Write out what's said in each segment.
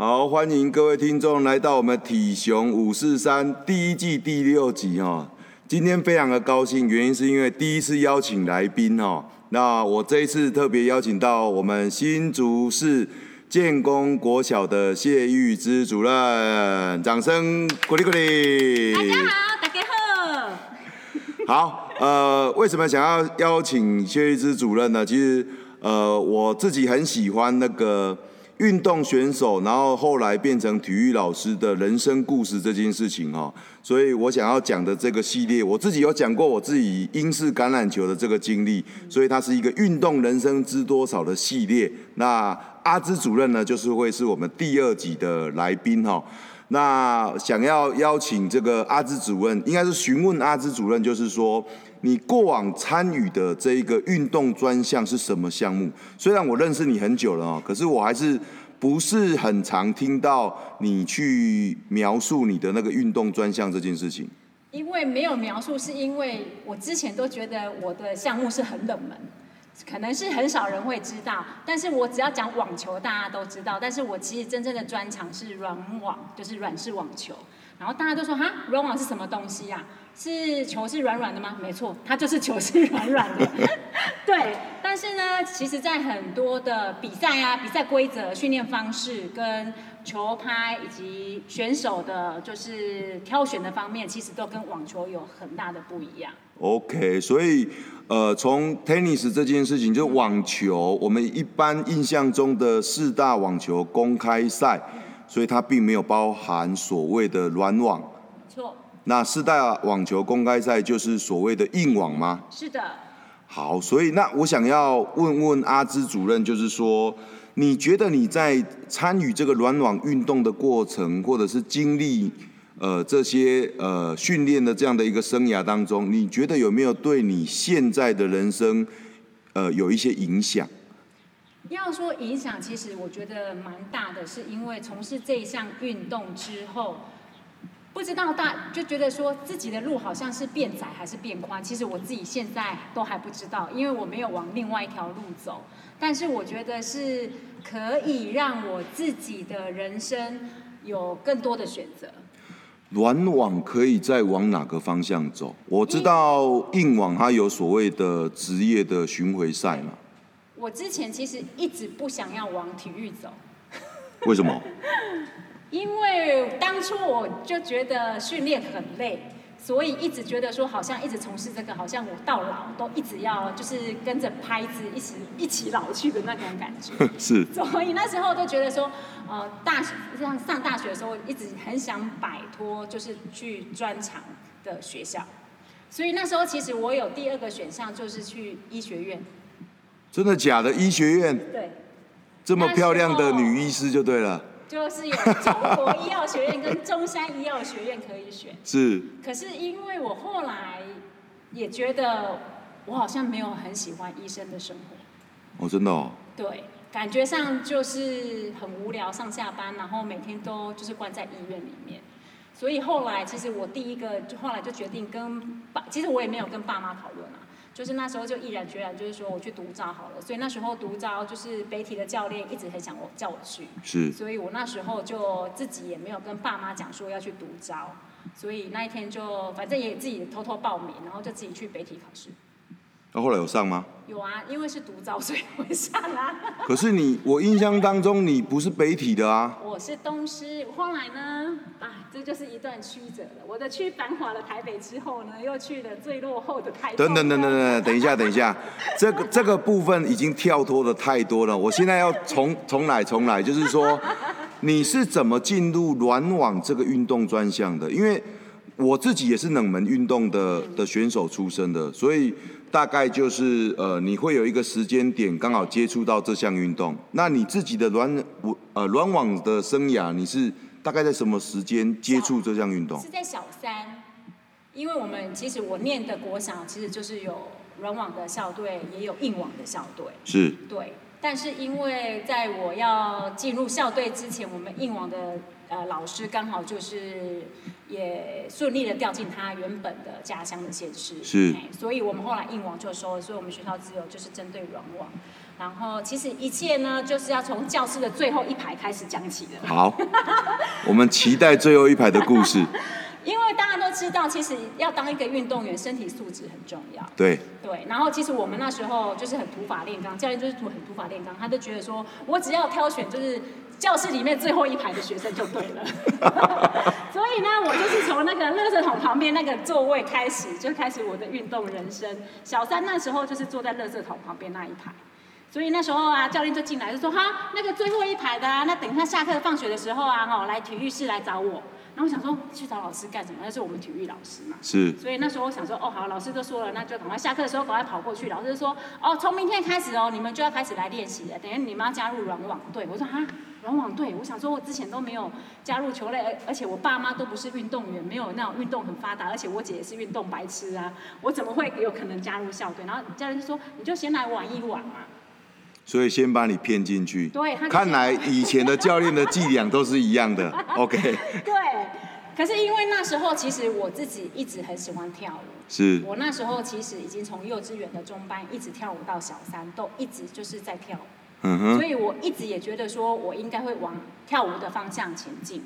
好，歡迎各位聽眾來到我們《體雄五四三》第一季第六集哈、哦。今天非常的高興，原因是因為第一次邀請來賓哦。那我這一次特別邀請到我們新竹市建功國小的謝玉姿主任，掌聲鼓勵鼓勵。大家好，大家好。好，呃，為什麼想要邀請謝玉姿主任呢？其實，呃，我自己很喜歡那個。運動選手，然後後來變成體育老師的人生故事這件事情啊、喔，所以我想要講的這個系列，我自己有講過我自己英式橄欖球的這個經歷，所以它是一個運動人生知多少的系列。那阿姿主任呢，就是會是我們第二集的來賓哈、喔。那想要邀請這個阿姿主任，應該是詢問阿姿主任，就是說你過往參與的這一個運動專項是什麼項目？雖然我認識你很久了啊，可是我還是不是很常聽到你去描述你的那個運動專項這件事情。因為沒有描述，是因為我之前都覺得我的項目是很冷門。可能是很少人會知道，但是我只要講網球，大家都知道。但是我其實真正的專長是軟網，就是軟式網球。然後大家都說：“哈，軟網是什麼東西啊？是球是軟軟的嗎？”沒錯，它就是球是軟軟的。 對，但是呢，其實，在很多的比賽啊、比賽規則、訓練方式、跟球拍以及選手的，就是挑選的方面，其實都跟網球有很大的不一樣。OK，所以，呃，從 tennis 這件事情，就是網球，我們一般印象中的四大網球公開賽，所以它並沒有包含所謂的軟網。錯錯。那四大網球公開賽就是所謂的硬網嗎？是的。好，所以那我想要問問阿姿主任，就是說，你覺得你在參與這個軟網運動的過程，或者是經歷？呃，這些呃訓練的這樣的一個生涯當中，你覺得有沒有對你現在的人生，呃，有一些影響？要說影響，其實我覺得蠻大的，是因為從事這一項運動之後，不知道大就覺得說自己的路好像是變窄還是變寬，其實我自己現在都還不知道，因為我沒有往另外一條路走。但是我覺得是可以讓我自己的人生有更多的選擇。軟網可以再往哪個方向走？我知道硬網它有所謂的職業的巡回賽嘛。我之前其實一直不想要往體育走。為什麼？ 因為當初我就覺得訓練很累。所以一直覺得說，好像一直從事這個，好像我到老都一直要就是跟着拍子，一起一起老去的那種感覺。是。所以那時候都覺得說，呃，大上上大學的時候，一直很想擺脫，就是去專長的學校。所以那時候其實我有第二個選項，就是去醫學院。真的假的？醫學院？對。這麼漂亮的女醫師就對了。就是有中國醫藥學院跟中山醫藥學院可以選，是。可是因為我後來也覺得我好像沒有很喜歡醫生的生活，哦，真的哦，對，感覺上就是很無聊，上下班，然後每天都就是關在醫院裡面，所以後來其實我第一個就後來就決定跟爸，其實我也沒有跟爸媽討論就是那時候就毅然決然，就是說我去獨招好了。所以那時候獨招就是北體的教練一直很想我叫我去，是所以我那時候就自己也沒有跟爸媽講說要去獨招，所以那一天就反正也自己偷偷報名，然後就自己去北體考試。那後來有上嗎？有啊，因為是獨招，所以會上啦、啊。 可是你，我印象當中你不是北體的啊。我是東師，後來呢，啊，這就是一段曲折了。我的去繁華的台北之後呢，又去了最落後的台的。 等等等等等等，等一下，等一下， 這個這個部分已經跳脫的太多了。我現在要重重來重來，就是說你是怎麼進入軟網這個運動專項的？因為我自己也是冷門運動的的選手出身的，所以。大概就是呃，你會有一個時間點，剛好接觸到這項運動。那你自己的軟網呃軟網的生涯，你是大概在什麼時間接觸這項運動？是在小三，因為我們其實我念的國小其實就是有軟網的校隊，也有硬網的校隊。是，對。但是因為在我要進入校隊之前，我們硬網的呃，老師剛好就是也順利的調進他原本的家鄉的縣市，是、欸，所以我們後來硬網就說了，所以我們學校只有就是針對軟網，然後其實一切呢就是要從教室的最後一排開始講起的。好， 我們期待最後一排的故事。 因為大家都知道，其實要當一個運動員，身體素質很重要。對，對。然後其實我們那時候就是很土法煉鋼，教練就是很土很土法煉鋼，他就覺得說我只要挑選就是。教室裡面最後一排的學生就對了， 所以呢，我就是從那個垃圾桶旁邊那個座位開始，就開始我的運動人生。小三那時候就是坐在垃圾桶旁邊那一排，所以那時候啊，教練就進來就說：“哈，那個最後一排的啊，那等一下下課放學的時候啊，哈、哦，來體育室來找我。”然後我想說去找老師幹什麼？那是我們體育老師嘛。是。所以那時候我想說：“哦，好，老師都說了，那就趕快下課的時候趕快跑過去。”老師就說：“哦，從明天開始哦，你們就要開始來練習了，等於你們要加入軟網隊。我說：“哈。”往往對，我想說，我之前都沒有加入球類，而且我爸媽都不是運動員，沒有那種運動很發達，而且我姐也是運動白痴啊，我怎麼會有可能加入校隊？然後家人就說，你就先來玩一玩嘛、啊。所以先把你騙進去。對，看來以前的教練的伎倆都是一樣的。 OK。對，可是因為那時候其實我自己一直很喜歡跳舞，是我那時候其實已經從幼稚園的中班一直跳舞到小三，都一直就是在跳舞。Uh huh. 所以我一直也覺得說，我應該會往跳舞的方向前進，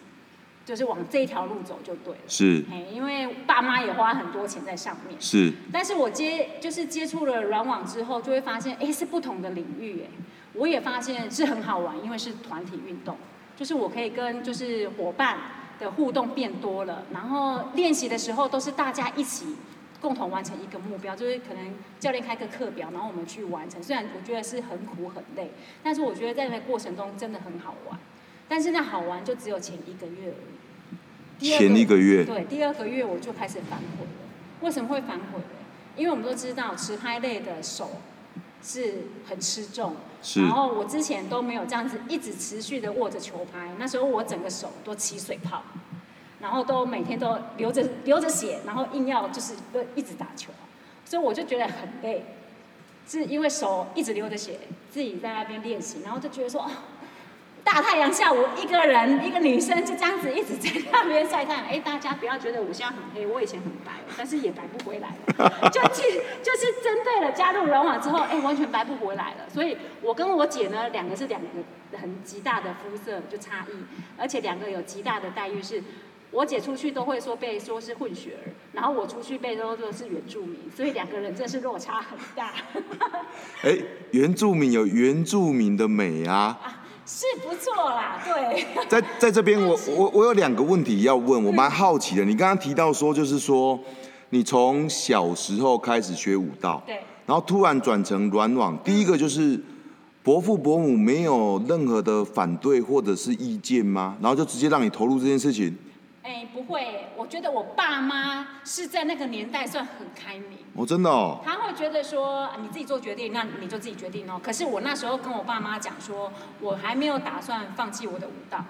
就是往這條路走就對了。是，因為爸媽也花很多錢在上面。是，但是我接就是接觸了軟網之後，就會發現，哎、欸，是不同的領域，哎，我也發現是很好玩，因為是團體運動，就是我可以跟就是夥伴的互動變多了，然後練習的時候都是大家一起。共同完成一個目標，就是可能教練開個課表，然後我們去完成。雖然我覺得是很苦很累，但是我覺得在那個過程中真的很好玩。但是那好玩就只有前一個月而已。前一個月對，第二個月我就開始反悔了。為什麼會反悔呢？因為我們都知道持拍類的手是很吃重，是然後我之前都沒有這樣子一直持續的握着球拍，那時候我整個手都起水泡。然後都每天都流着流着血，然後硬要就是一直打球，所以我就覺得很累，是因為手一直流着血，自己在那邊練習，然後就覺得說，大太陽下午一個人一個女生就這樣子一直在那邊曬太陽。哎，大家不要覺得我現在很黑，我以前很白，但是也白不回來了。就去就是針對了加入人網之後，哎，完全白不回來了。所以，我跟我姐呢，兩個是兩個很極大的膚色就差異，而且兩個有極大的待遇是。我姐出去都會說被說是混血兒，然後我出去被都說是原住民，所以兩個人真是落差很大。哎、 欸，原住民有原住民的美啊，啊是不錯啦，對。在在這邊是，我我我有兩個問題要問，我蠻好奇的。是你剛剛提到說，就是說你從小時候開始學武道，對，然後突然轉成軟網，第一個就是伯父伯母沒有任何的反對或者是意見嗎？然後就直接讓你投入這件事情？哎、欸，不會，我覺得我爸媽是在那個年代算很開明。我真的哦。他會覺得說，你自己做決定，那你就自己決定哦。可是我那時候跟我爸媽講說，我還沒有打算放棄我的舞蹈。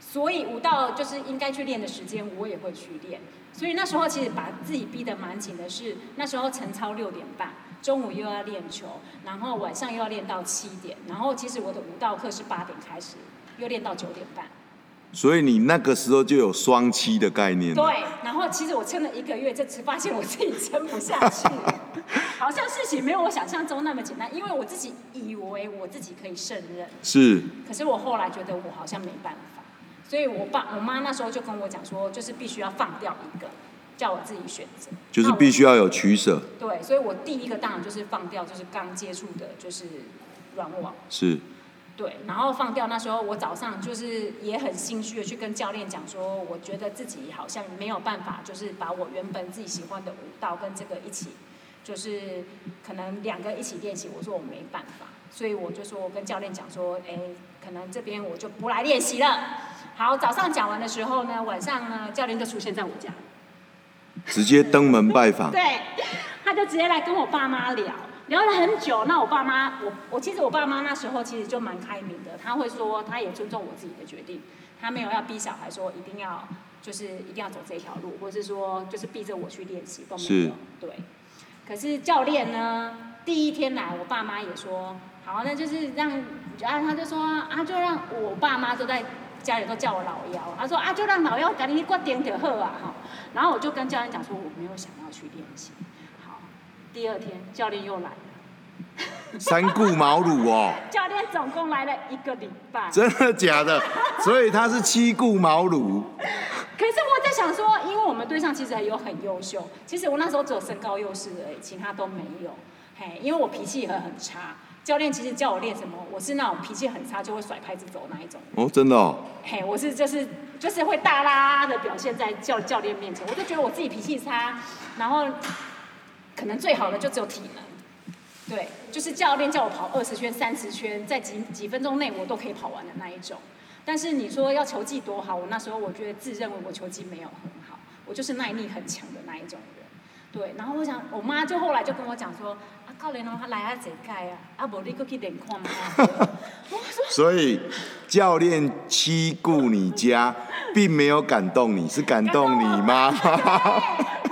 所以舞蹈就是應該去練的時間，我也會去練。所以那時候其實把自己逼得蠻緊的是，那時候晨操六點半，中午又要練球，然後晚上又要練到七點，然後其實我的舞蹈課是八點開始，又練到九點半。所以你那個時候就有雙棲的概念。對，然後其實我撐了一個月，這次發現我自己撐不下去， 好像事情沒有我想象中那麼簡單，因為我自己以為我自己可以勝任。是。可是我後來覺得我好像沒辦法，所以我爸我媽那時候就跟我講說，就是必須要放掉一個，叫我自己選擇。就是必須要有取捨。對，所以我第一個當然就是放掉，就是剛接觸的，就是軟網。是。對，然後放掉。那時候我早上就是也很心虛的去跟教練講說，我覺得自己好像沒有辦法，就是把我原本自己喜歡的舞蹈跟這個一起，就是可能兩個一起練習。我說我沒辦法，所以我就說我跟教練講說，哎，可能這邊我就不來練習了。好，早上講完的時候呢，晚上呢，教練就出現在我家，直接登門拜訪。 對，他就直接來跟我爸媽聊。聊了很久，那我爸媽，我我其實我爸媽那時候其實就蠻開明的，他會說他也尊重我自己的決定，他沒有要逼小孩說一定要就是一定要走這條路，或是說就是逼着我去練習都沒有，是對。可是教練呢，第一天來，我爸媽也說，好，那就是讓，然後、啊、他就說啊，就讓我爸媽都在家裡都叫我老幺，他說啊，就讓老幺趕緊去點點賀啊，哈，然後我就跟教練講說，我沒有想要去練習。第二天，教練又來了，三顧茅廬哦。教練總共來了一個禮拜，真的假的？所以他是七顧茅廬。可是我在想說，因為我們隊上其實還有很優秀，其實我那時候只有身高優勢而已，其他都沒有，嘿，因為我脾氣也很很差。教練其實叫我練什麼，我是那種脾氣很差就會甩拍子走那一種。哦，真的哦？嘿，我是就是就是會大啦啦的表現在教教練面前，我就覺得我自己脾氣差，然後。可能最好的就只有體能，對，就是教練叫我跑二十圈、三十圈，在幾幾分鐘內我都可以跑完的那一種。但是你說要球技多好，我那時候我覺得自認為我球技沒有很好，我就是耐力很強的那一種人，對。然後我想，我媽就後來就跟我講說，啊， 教練哦，來啊，解解啊，啊，不，你過去點看。所以教練欺顧你家，並沒有感動你，是感動你媽媽。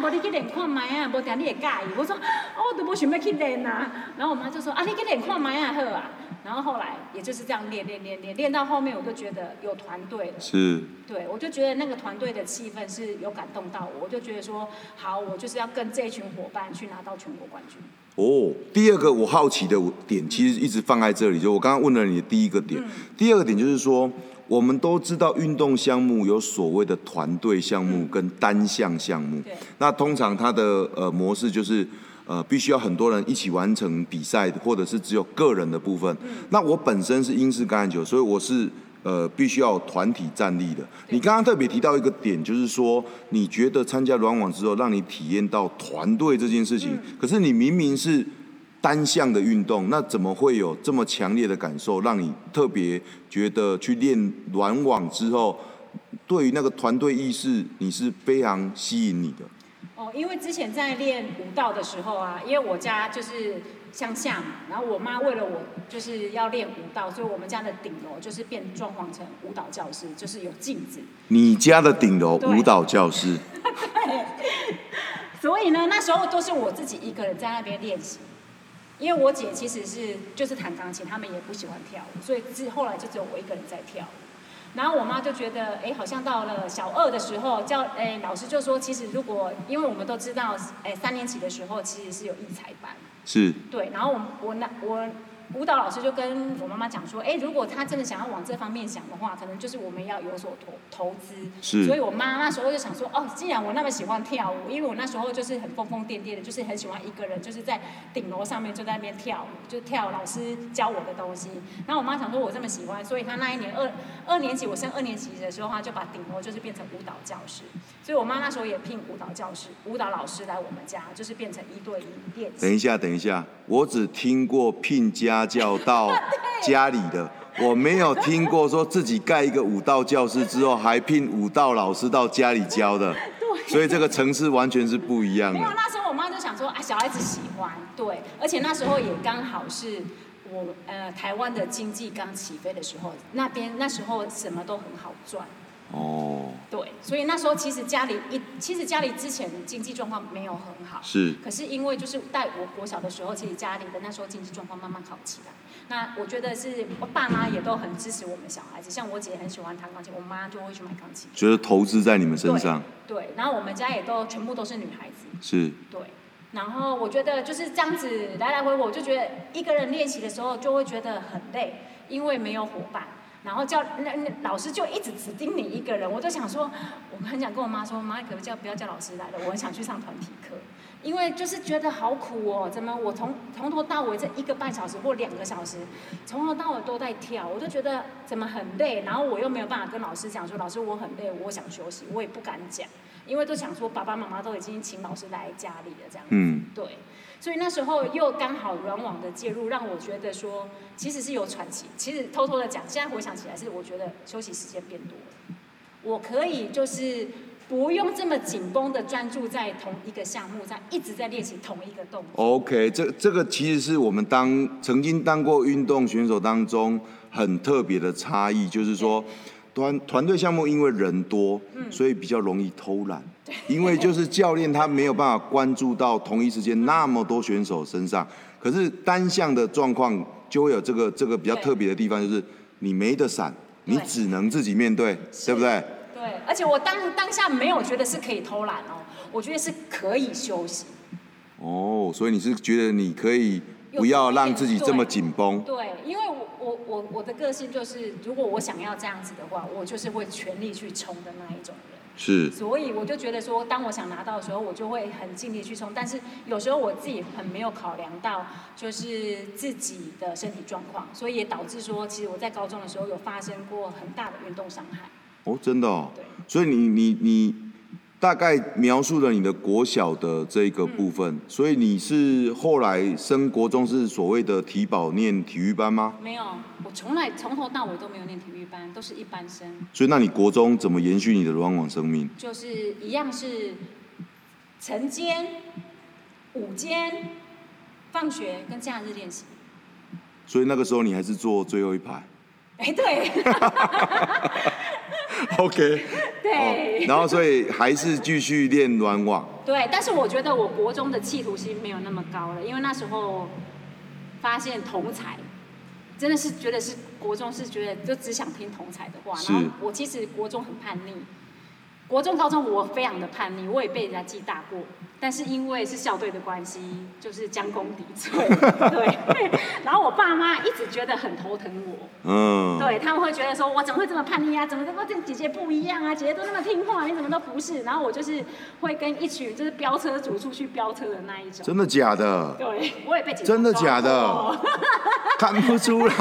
無、啊、你去練看埋啊，無聽你也介意。我說，哦、我都不想要去練啊。然後我媽就說，啊，你去練看埋啊？好啊。然後後來，也就是這樣練練練練，練到後面，我就覺得有團隊。是。對，我就覺得那個團隊的氣氛是有感動到我，我就覺得說，好，我就是要跟這群夥伴去拿到全國冠軍。哦，第二個我好奇的點，其實一直放在這裡，就我剛剛問了你的第一個點，嗯、第二個點就是說。我們都知道運動項目有所謂的團隊項目跟單項項目，嗯、那通常它的呃模式就是呃必須要很多人一起完成比賽，或者是只有個人的部分。嗯、那我本身是英式橄欖球，所以我是呃必須要團體站立的。對你剛剛特別提到一個點，就是說你覺得參加軟網之後，讓你體驗到團隊這件事情，嗯、可是你明明是。單項的運動，那怎麼會有這麼強烈的感受，讓你特別覺得去練軟網之後，對於那個團隊意識，你是非常吸引你的？哦，因為之前在練舞蹈的時候啊，因為我家就是鄉下嘛，然後我媽為了我就是要練舞蹈，所以我們家的頂樓就是變裝潢成舞蹈教室，就是有鏡子。你家的頂樓對舞蹈教室。 對。所以呢，那時候都是我自己一個人在那邊練習。因為我姐其實是就是彈鋼琴，他們也不喜歡跳舞，所以自後來就只有我一個人在跳舞。然後我媽就覺得，哎，好像到了小二的時候，教，哎，老師就說，其實如果因為我們都知道，誒，三年級的時候其實是有藝才班，是，對。然後我我那我。我舞蹈老師就跟我媽媽講說：“哎、欸，如果她真的想要往這方面想的話，可能就是我們要有所投投資。是所以，我媽那時候就想說：‘哦，既然我那麼喜歡跳舞，因為我那時候就是很瘋瘋癲癲的，就是很喜歡一個人，就是在頂樓上面就在那邊跳舞，就跳老師教我的東西。’然後我媽想說：‘我這麼喜歡，所以她那一年二二年級，我升二年級的時候，她就把頂樓就是變成舞蹈教室。’所以我媽那時候也聘舞蹈教師、舞蹈老師來我們家，就是變成一對一練。」等一下，等一下。”我只聽過聘家教到家裡的，我沒有聽過說自己蓋一個舞蹈教室之後還聘舞蹈老師到家裡教的。對，所以這個層次完全是不一樣的。那那時候我媽就想說，啊，小孩子喜歡，對，而且那時候也剛好是我呃台灣的經濟剛起飛的時候，那邊那時候什麼都很好賺。哦，對，所以那時候其實家裡一，其實家裡之前經濟狀況沒有很好，是。可是因為就是在我國小的時候，其實家裡的那時候經濟狀況慢慢好起來。那我覺得是我爸媽也都很支持我們小孩子，像我姐很喜歡彈鋼琴，我媽就會去買鋼琴，覺得投資在你們身上。對，對，然後我們家也都全部都是女孩子，是。對，然後我覺得就是這樣子來來回回，我就覺得一個人練習的時候就會覺得很累，因為沒有伙伴。然後叫那那老師就一直只盯你一個人，我就想說，我很想跟我媽說，媽你可不可以叫不要叫老師來了，我很想去上團體課，因為就是覺得好苦哦，怎麼我從從頭到尾這一個半小時或兩個小時，從頭到尾都在跳，我就覺得怎麼很累，然後我又沒有辦法跟老師講說，老師我很累，我想休息，我也不敢講，因為都想說爸爸媽媽都已經請老師來家裡了這樣子，嗯，對。所以那時候又剛好軟網的介入，讓我覺得說，其實是有喘息。其實偷偷的講，現在回想起來是，我覺得休息時間變多了，我可以就是不用這麼緊繃的專注在同一個項目上，一直在練習同一個動作。OK，這這個其實是我們當曾經當過運動選手當中很特別的差異，就是說。Okay. 團團隊項目，因為人多，嗯、所以比較容易偷懶，對因為就是教練他沒有辦法關注到同一時間那麼多選手身上。嗯、可是單項的狀況就會有這個這個比較特別的地方，就是你沒得閃，對你只能自己面對，對，對不對？對，而且我當當下沒有覺得是可以偷懶哦，我覺得是可以休息哦。哦，所以你是覺得你可以。不要讓自己這麼緊繃。對，因為我我我我的個性就是，如果我想要這樣子的話，我就是會全力去衝的那一種人。是。所以我就覺得說，當我想拿到的時候，我就會很盡力去衝。但是有時候我自己很沒有考量到，就是自己的身體狀況，所以也導致說，其實我在高中的時候有發生過很大的運動傷害。哦，真的哦。對。所以你你你。你大概描述了你的國小的這一個部分，嗯，所以你是後來升國中是所謂的體保念體育班嗎？沒有，我從來從頭到尾都沒有念體育班，都是一般生。所以那你國中怎麼延續你的軟網生命？就是一樣是晨間、午間、放學跟假日練習。所以那個時候你還是坐最後一排。哎，對 ，OK，對、哦，然後所以還是繼續練軟網。 對，但是我覺得我國中的企圖心沒有那麼高了，因為那時候發現同儕，真的是覺得是國中是覺得就只想聽同儕的話，是然後我其實國中很叛逆。國中、高中，我非常的叛逆，我也被人家記大過。但是因為是校隊的關係，就是將功抵罪。對， 對，然後我爸媽一直覺得很頭疼我。嗯。對，他們會覺得說，我怎麼會這麼叛逆啊？怎麼都跟姐姐不一樣啊？姐姐都那麼聽話，你怎麼都不是？然後我就是會跟一群就是飆車族出去飆車的那一種。真的假的？對，我也被記真的假的？哦、看不出來。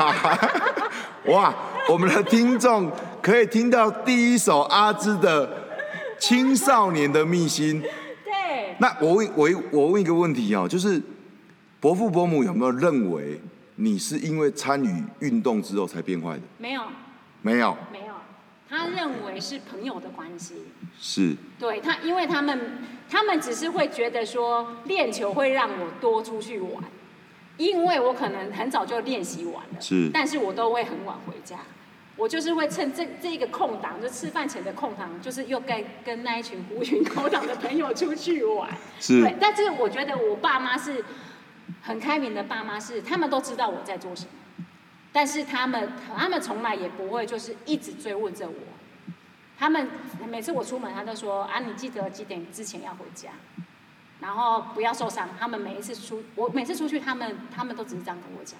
哇，我們的聽眾可以聽到第一首阿姿的。青少年的秘辛，對。對，那我問，我我問一個問題啊，哦，就是伯父伯母有沒有認為你是因為參與運動之後才變壞的？沒有，沒有，沒有。他認為是朋友的關係。是。對他，因為他們，他們只是會覺得說，練球會讓我多出去玩，因為我可能很早就練習完了，是，但是我都會很晚回家。我就是會趁這這一個空檔，就吃飯前的空檔，就是又該跟，跟那一群狐群狗黨的朋友出去玩。是。但是我覺得我爸媽是很開明的，爸媽是他們都知道我在做什麼，但是他們他們從來也不會就是一直追問着我。他們每次我出門，他都說：“啊，你記得幾點之前要回家，然後不要受傷。”他們每一次出我每次出去，他們他們都只是這樣跟我講，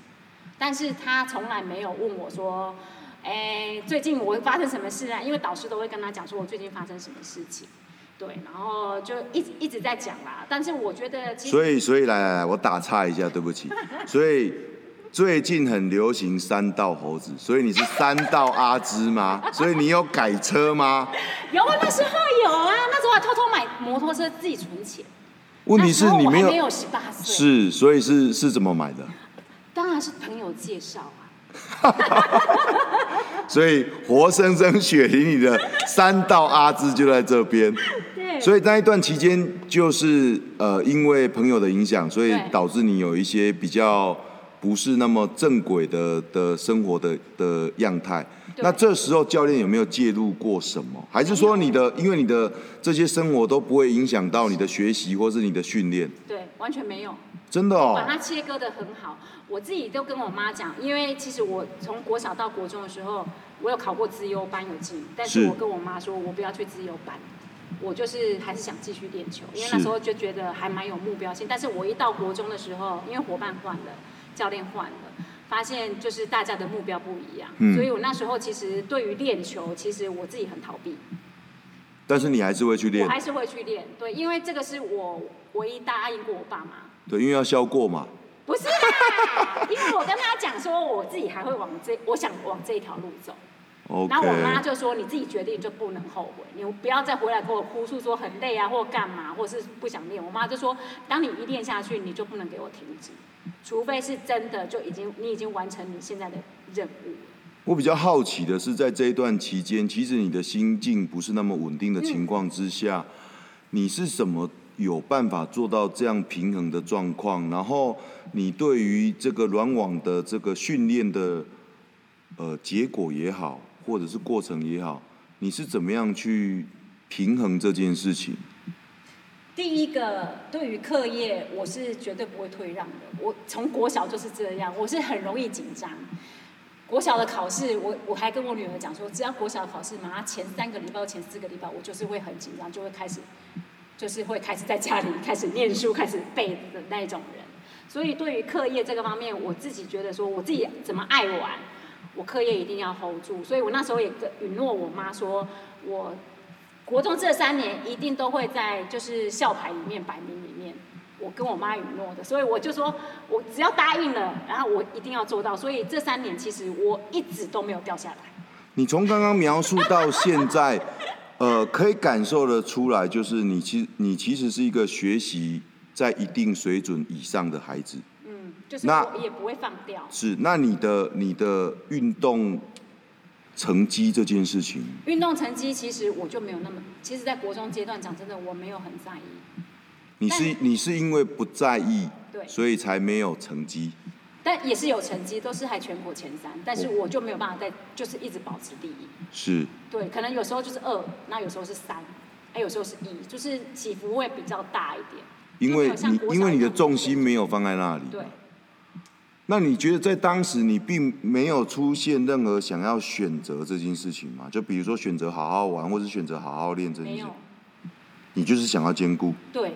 但是他從來沒有問我說。哎、欸，最近我發生什麼事啊？因為導師都會跟他講說我最近發生什麼事情，對，然後就一直一直在講啦。但是我覺得所，所以所以來來來，我打岔一下，對不起。所以最近很流行山道猴子，所以你是山道阿姿嗎？所以你有改車嗎？有啊，那時候有啊，那時候還偷偷買摩托車自己存錢。問題是你沒有十八歲，是所以是是怎麼買的？當然是朋友介紹。哈哈哈！ 所以活生生血淋淋的山道阿姿就在這邊。對。所以那一段期間，就是呃，因為朋友的影響，所以導致你有一些比較不是那麼正軌的的生活的的樣態。對那這時候教練有沒有介入過什麼？還是說你的，有因為你的這些生活都不會影響到你的學習或是你的訓練？對，完全沒有，真的哦。把它切割得很好，我自己都跟我媽講，因為其實我從國小到國中的時候，我有考過資優班有進，但是我跟我媽說，我不要去資優班，我就是還是想繼續練球，因為那時候就覺得還蠻有目標性。但是我一到國中的時候，因為伙伴換了，教練換了。發現就是大家的目標不一樣，嗯、所以我那時候其實對於練球，其實我自己很逃避。但是你還是會去練？我還是會去練，對，因為這個是我唯一答應過我爸媽。對，因為要孝過嘛。不是啦， 因為我跟他講說，我自己還會往這，我想往這條路走。Okay, 然後我媽就說：“你自己決定就不能後悔，你不要再回來跟我哭訴說很累啊，或幹嘛，或是不想練。”我媽就說：“當你一練下去，你就不能給我停止，除非是真的就已經你已經完成你現在的任務。”我比較好奇的是，在這一段期間，其實你的心境不是那麼穩定的情況之下，嗯、你是什麼有辦法做到這樣平衡的狀況？然後你對於這個軟網的這個訓練的呃結果也好。或者是過程也好，你是怎麼樣去平衡這件事情？第一個，對於課業，我是絕對不會退讓的。我從國小就是這樣，我是很容易緊張。國小的考試，我我還跟我女兒講說，只要國小考試，馬上前三個禮拜，前四個禮拜，我就是會很緊張，就會開始，就是會開始在家裡開始念書、開始背的那種人。所以，對於課業這個方面，我自己覺得說，我自己怎麼愛玩。我課業一定要 hold 住，所以我那時候也跟允諾我媽說，我國中這三年一定都會在就是校牌裡面排名裡面，我跟我媽允諾的，所以我就說我只要答應了，然後我一定要做到，所以這三年其實我一直都沒有掉下來。你從剛剛描述到現在， 呃，可以感受得出來，就是你其實你其實是一個學習在一定水準以上的孩子。那也不會放掉。是，那你的你的運動成績這件事情？運動成績其實我就沒有那麼，其實，在國中階段講真的，我沒有很在意。你是但你是因為不在意，對，所以才沒有成績。但也是有成績，都是還全國前三，但是我就沒有辦法再我就是一直保持第一。是，對，可能有時候就是二，那有時候是三，還有時候是一，就是起伏會比較大一點。因為你，你因為你的重心沒有放在那裡。對。那你覺得在當時你並沒有出現任何想要選擇這件事情嗎？就比如說選擇好好玩，或是選擇好好練這件事情，沒有。你就是想要兼顧。對，哇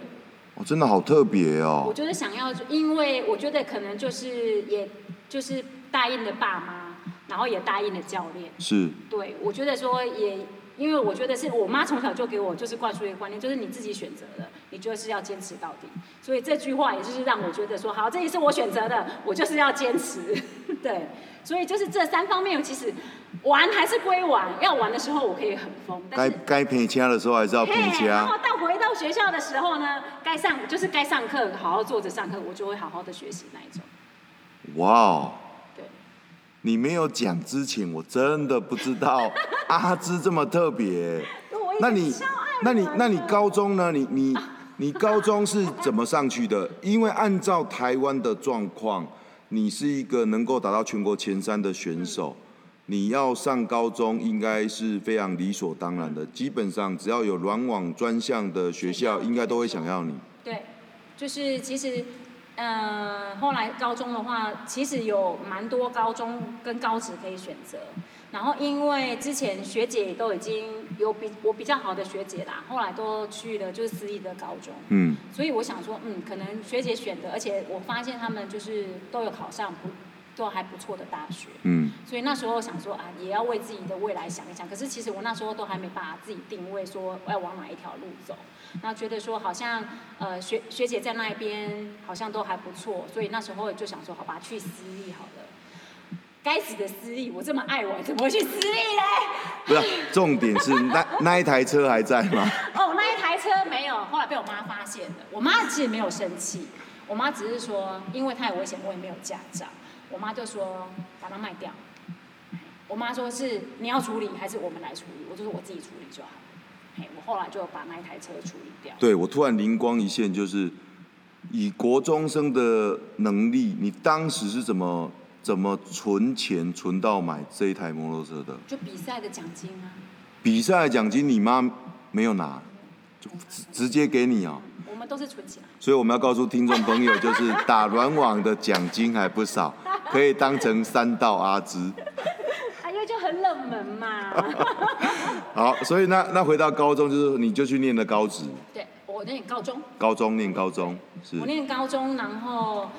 ，oh, 真的好特別哦。我覺得想要，因為我覺得可能就是，也就是答應了爸媽，然後也答應了教練。是。對，我覺得說也，因為我覺得是我媽從小就給我就是灌輸一個觀念，就是你自己選擇的。你就是要堅持到底，所以這句話也就是讓我覺得說，好，這也是我選擇的，我就是要堅持，對，所以就是這三方面，其實玩還是歸玩，要玩的時候我可以很瘋，該該拼搶的時候還是要拼搶。Hey, 然後到回到學校的時候呢，該上就是該上課，好好坐着上課，我就會好好的學習那一種。哇哦！對，你沒有講之前，我真的不知道 阿姿這麼特別。 那你那你那你高中呢？你你。啊你高中是怎麼上去的？因為按照台灣的狀況，你是一個能夠達到全國前三的選手，你要上高中應該是非常理所當然的。基本上只要有軟網專項的學校，應該都會想要你。對，就是其實，呃，後來高中的話，其實有蠻多高中跟高職可以選擇。然後因為之前學姐都已經有比我比較好的學姐啦，後來都去了就是私立的高中，嗯，所以我想說，嗯，可能學姐選的，而且我發現他們就是都有考上不，都還不錯的大學，嗯，所以那時候想說啊，也要為自己的未來想一想。可是其實我那時候都還沒把自己定位說我要往哪一條路走，然後覺得說好像呃學學姐在那一邊好像都還不錯，所以那時候就想說好吧，去私立好了。該死的私利！我這麼愛我，怎麼會去私利嘞？不是啊，重點是那那一台車還在嗎？ 哦，那一台車沒有，後來被我媽發現了。我媽其實沒有生氣，我媽只是說，因為太危險，我也沒有駕照。我媽就說，把它賣掉。我媽說是你要處理，還是我們來處理？我就說我自己處理就好。嘿，我後來就把那一台車處理掉。對，我突然靈光一現，就是以國中生的能力，你當時是怎麼？怎麼存錢存到買這一台摩托車的？就比賽的獎金啊。比賽的獎金你媽沒有拿，嗯、就直接給你哦？喔嗯。我們都是存錢、啊。所以我們要告訴聽眾朋友，就是打軟網的獎金還不少， 可以當成山道阿姿、啊。因為就很冷門嘛。 好，所以那那回到高中，就是你就去念了高職。對，我念高中。高中念高中是。我念高中，然後。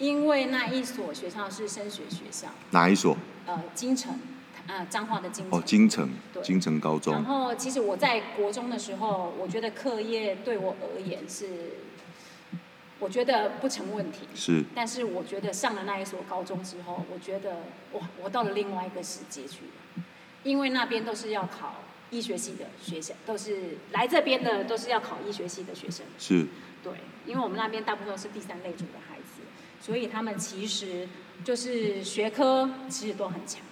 因為那一所學校是升學學校，哪一所？呃，精誠，呃，彰化的精誠。哦，精誠，對，精誠高中。然後，其實我在國中的時候，我覺得課業對我而言是，我覺得不成問題。是。但是我覺得上了那一所高中之後，我覺得哇，我到了另外一個世界去，因為那邊都是要考醫學系的學校，都是來這邊的都是要考醫學系的學生的。是。對，因為我們那邊大部分都是第三類組的孩子。所以他們其實就是學科其實都很強。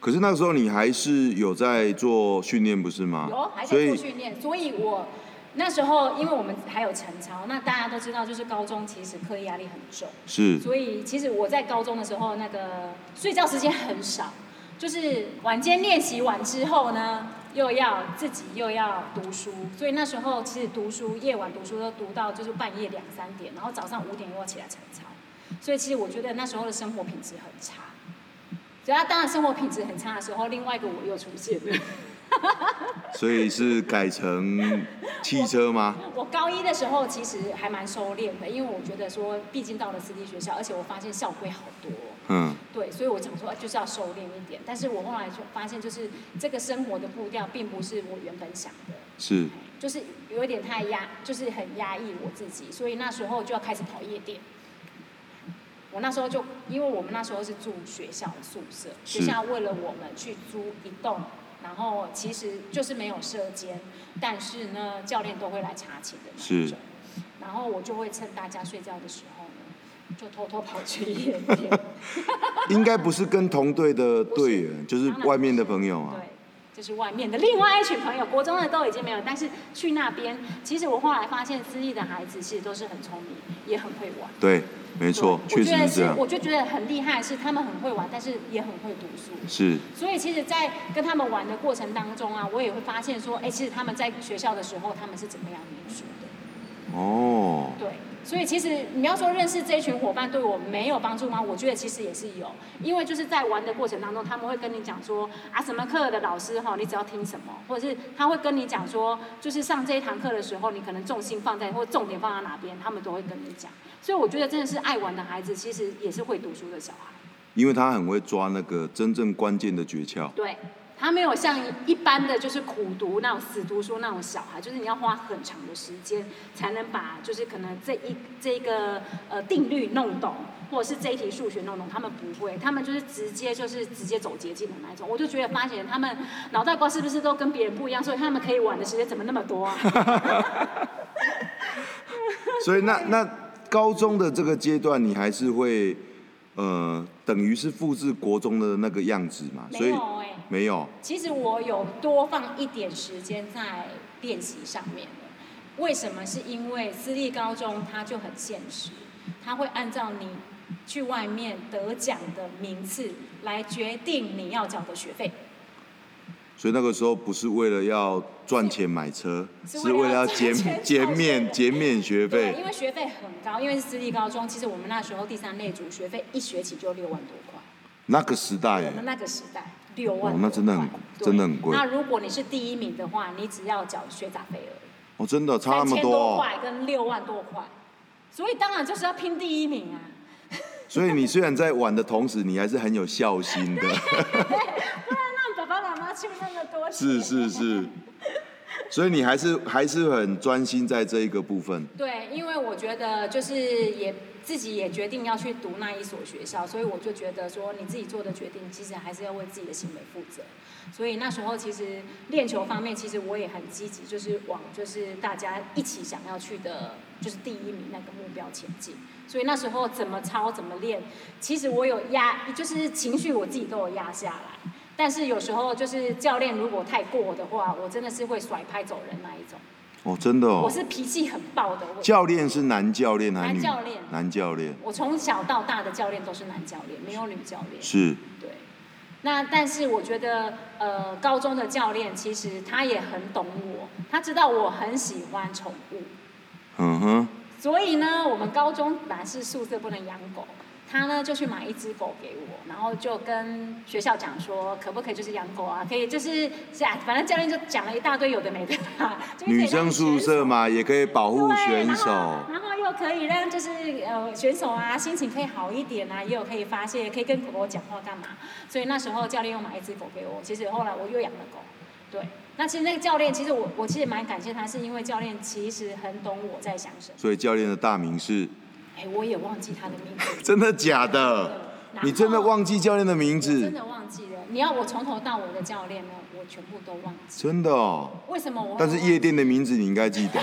可是那時候你還是有在做訓練不是嗎？哦，還在做訓練，所以，所以我那時候因為我們還有晨操，那大家都知道就是高中其實課業壓力很重，是，所以其實我在高中的時候那個睡覺時間很少，就是晚間練習完之後呢，又要自己又要讀書，所以那時候其實讀書夜晚讀書都讀到就是半夜兩三點，然後早上五點又要起來晨操。所以其實我覺得那時候的生活品質很差，只要當然生活品質很差的時候，另外一個我又出現了。 所以是改成汽車嗎？我，我高一的時候其實還蠻收斂的，因為我覺得說，畢竟到了私立學校，而且我發現校規好多。嗯。對，所以我想說，就是要收斂一點。但是我後來就發現，就是這個生活的步調，並不是我原本想的。是。就是有一點太壓，就是很壓抑我自己，所以那時候就要開始跑夜店。我那時候就，因為我們那時候是住學校的宿舍，學校是為了我們去租一棟，然後其實就是沒有舍監，但是呢，教練都會來查寢的，是，然後我就會趁大家睡覺的時候呢，就偷偷跑去夜店。 應該不是跟同隊的隊員，行就是外面的朋友啊。就是外面的另外一群朋友，國中的都已經沒有，但是去那邊，其實我後來發現，私立的孩子其實都是很聰明，也很會玩。對，沒錯，確實是這樣。我就覺得很厲害是，他們很會玩，但是也很會讀書。是。所以其實，在跟他們玩的過程當中啊，我也會發現說，哎、欸，其實他們在學校的時候，他們是怎麼樣讀書的。哦。對。所以其實你要說認識這群夥伴對我沒有幫助嗎？我覺得其實也是有，因為就是在玩的過程當中，他們會跟你講說啊，什麼課的老師哈，你只要聽什麼，或者是他會跟你講說，就是上這一堂課的時候，你可能重心放在或重點放在哪邊，他們都會跟你講。所以我覺得真的是愛玩的孩子，其實也是會讀書的小孩，因為他很會抓那個真正關鍵的訣竅。對。他沒有像一般的就是苦讀那種死讀書那種小孩，就是你要花很長的時間才能把就是可能這一這一個呃定律弄懂，或者是這一題數學弄懂。他們不會，他們就是直接就是直接走捷徑的那種。我就覺得發現他們腦袋瓜是不是都跟別人不一樣，所以他們可以玩的時間怎麼那麼多啊？ 所以那那高中的這個階段，你還是會。呃，等於是複製國中的那個樣子嘛，所以，沒有，欸、沒有。其實我有多放一點時間在練習上面了。為什麼？是因為私立高中它就很現實，它會按照你去外面得獎的名次來決定你要繳的學費。所以那個時候不是為了要賺錢買車，欸，是為了要減減免減免學費。因為學費很高，因為私立高中。其實我們那時候第三類組學費一學期就六萬多塊。那個時代。我們那個時代六萬多，哦。那真的很，對真的很貴。那如果你是第一名的話，你只要繳學雜費而已。哦，真的差那麼多，哦。三千多塊跟六萬多塊，所以當然就是要拼第一名啊。所以你雖然在玩的同時，你還是很有孝心的。 是是是，是是 所以你還是還是很專心在這一個部分。對，因為我覺得就是也自己也決定要去讀那一所學校，所以我就覺得說，你自己做的決定，其實還是要為自己的行為負責。所以那時候其實練球方面，其實我也很積極，就是往就是大家一起想要去的，就是第一名那個目標前進。所以那時候怎麼操怎麼練，其實我有壓，就是情緒我自己都有壓下來。但是有時候就是教練如果太過的話，我真的是會甩拍走人那一種。哦，真的哦。我是脾氣很暴的。教練是男教練男教練，男教練。男教練。我從小到大的教練都是男教練，沒有女教練。是。對。那但是我覺得，呃，高中的教練其實他也很懂我，他知道我很喜歡寵物。嗯哼。所以呢，我們高中本來是宿舍不能養狗，他呢就去買一只狗給我，然後就跟學校講說可不可以就是養狗啊？可以就是反正教練就講了一大堆有的沒的、啊、女生宿舍嘛，也可以保護選手。對，然後然後又可以讓就是呃選手啊心情可以好一點啊，也有可以發泄，可以跟狗狗講話幹嘛？所以那時候教練又買一只狗給我。其實後來我又養了狗。對，那其實那個教練，其實我我其實蠻感謝他是，是因為教練其實很懂我在想什麼。所以教練的大名是。欸、我也忘記他的名字。真的假的？你真的忘記教練的名字？真的忘記了。你要我從頭到尾的教練呢？我全部都忘記了。真的哦。為什麼我？但是夜店的名字你應該記得。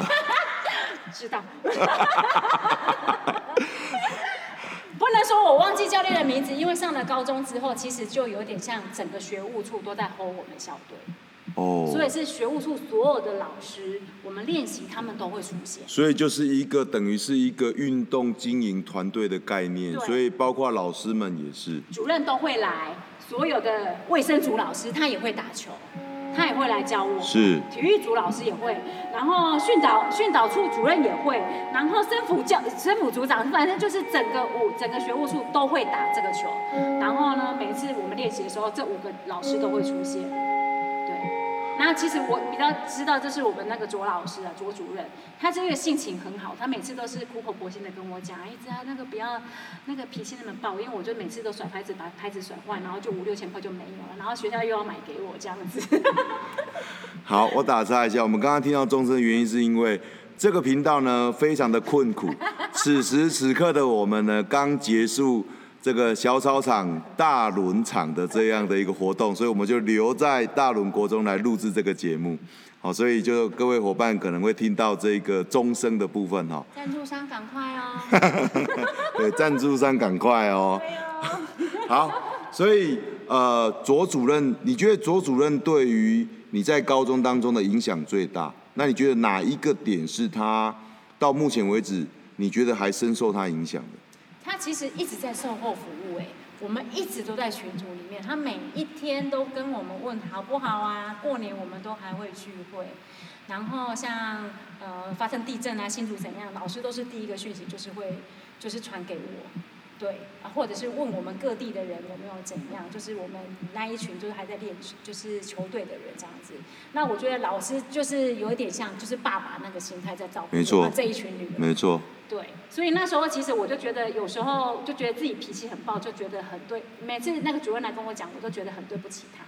知道。 不能說我忘記教練的名字，因為上了高中之後，其實就有點像整個學務處都在吼我們校隊。哦，oh, 所以是學務處所有的老師，我們練習他們都會出現。所以就是一個等於是一個運動經營團隊的概念，對所以包括老師們也是。主任都會來，所有的衛生組老師他也會打球，他也會來教我。是。體育組老師也會，然後訓導訓導處主任也會，然後生輔教生輔組長，反正就是整個五整個學務處都會打這個球。然後呢，每次我們練習的時候，這五個老師都會出現。然後其實我比較知道，就是我們那個左老師啊，卓主任，他這個性情很好，他每次都是苦口婆心的跟我講，哎，姿啊，那個不要那個脾氣那麼暴，因為我就每次都甩拍子，把拍子甩壞，然後就五六千塊就沒有了，然後學校又要買給我這樣子。好，我打岔一下，我們剛剛聽到鐘聲的原因是因為這個頻道呢非常的困苦，此時此刻的我們呢剛結束。這個小操場、大輪場的這樣的一個活動，所以我們就留在大輪國中來錄制這個節目。好，所以就各位伙伴可能會聽到這個鐘聲的部分哈。贊助商趕快哦！ 對，贊助商趕快哦。哦。好，所以呃，卓主任，你覺得卓主任對於你在高中當中的影響最大？那你覺得哪一個點是他到目前為止你覺得還深受他影響的？他其實一直在售後服務，欸，誒，我們一直都在群組裡面，他每一天都跟我們問好不好啊？過年我們都還會聚會，然後像呃發生地震啊、新竹怎樣，老師都是第一個訊息，就是會就是傳給我。對，啊，或者是問我們各地的人有沒有怎樣，就是我們那一群就是還在練，就是球隊的人這樣子。那我覺得老師就是有一點像，就是爸爸那個心態在照顧他，沒錯，這一群女人。沒錯。對，所以那時候其實我就覺得有時候就覺得自己脾氣很爆，就覺得很對。每次那個主任來跟我講，我都覺得很對不起他。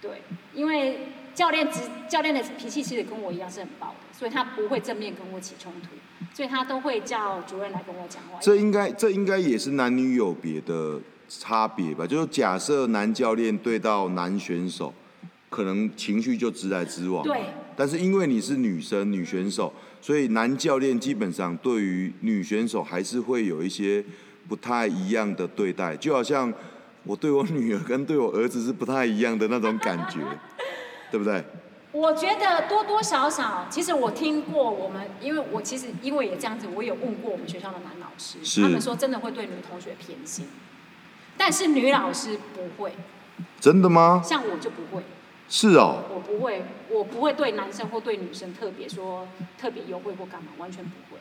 對，因為教練只教練的脾氣其實跟我一樣是很爆的。所以他不會正面跟我起衝突，所以他都會叫主任來跟我講話。這應該，這應該也是男女有別的差別吧？就是假設男教練對到男選手，可能情緒就直來直往。對。但是因為你是女生、女選手，所以男教練基本上對於女選手還是會有一些不太一樣的對待，就好像我對我女兒跟對我兒子是不太一樣的那種感覺， 對不對？我覺得多多少少，其實我聽過我們，因為我其實因為也這樣子，我有問過我們學校的男老師，是他們說真的會對女同學偏心，但是女老師不會。真的嗎？像我就不會，是哦，我不會，我不會對男生或對女生特別說特別優惠或幹嘛，完全不會。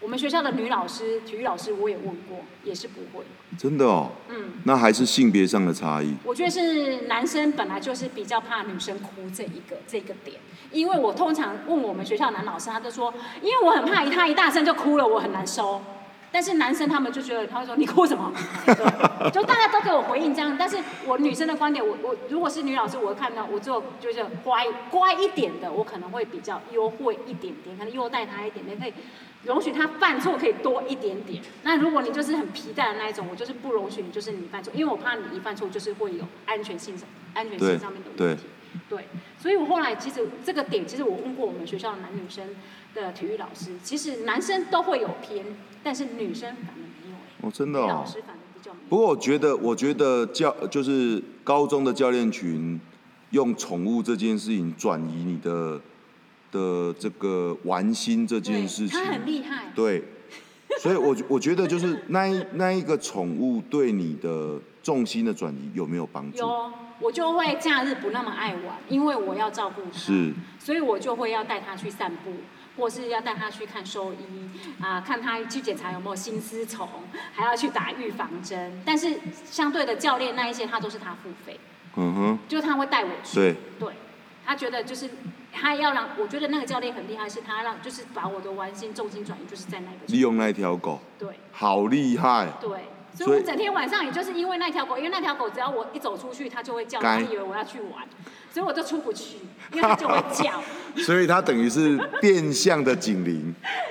我們學校的女老師、體育老師我也問過，也是不會。真的哦。嗯，那還是性別上的差異。我覺得是男生本來就是比較怕女生哭這一個這個點，因為我通常問我們學校男老師，他就說，因為我很怕他一大聲就哭了，我很難收。但是男生他們就覺得，他會說：“你哭什麼啊？”就大家都給我回應這樣。但是我女生的觀點，我我如果是女老師，我看到我做就是乖乖一點的，我可能會比較優惠一點點，可能優待他一點點，可以容許他犯錯，可以多一點點。那如果你就是很皮蛋的那一種，我就是不容許你，就是你犯錯，因為我怕你一犯錯就是會有安全性、安全性上面的問題。對，對，對，所以我後來其實這個點，其實我問過我們學校的男女生的體育老師，其實男生都會有偏。但是女生反而沒有哦，真的哦。老師反而比較沒有。不過我覺得，我覺得教就是高中的教練群，用寵物這件事情轉移你的的這個玩心這件事情，他很厲害。對，所以我我覺得就是那一 那一個寵物對你的重心的轉移有沒有幫助？有，我就會假日不那麼愛玩，因為我要照顧他，是，所以我就會要帶他去散步。或是要帶他去看獸醫啊，看他去檢查有沒有心絲蟲，還要去打預防針。但是相對的教練那一些，他都是他付費。嗯哼，就他會帶我去。對，對，他覺得就是他要讓，我覺得那個教練很厲害，是他讓就是把我的玩心重心轉移，就是在那個。利用那條狗。對，好厲害啊。對。所以，我以整天晚上也就是因為那條狗，因為那條狗只要我一走出去，它就會叫，該以為我要去玩，所以我就出不去，因為它就會叫。 所以它等於是變相的警鈴，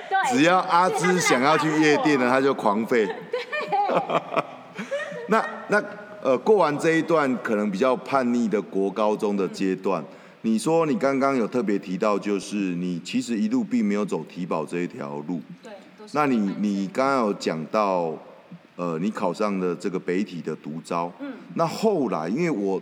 對只要阿姿想要去夜店呢，它就狂吠對 那。那那呃，過完這一段可能比較叛逆的國高中的階段，嗯、你說你剛剛有特別提到，就是你其實一路並沒有走體保這一條路。對。那，那你你剛剛有講到。呃，你考上了這個北體的獨招，嗯，那後來，因為我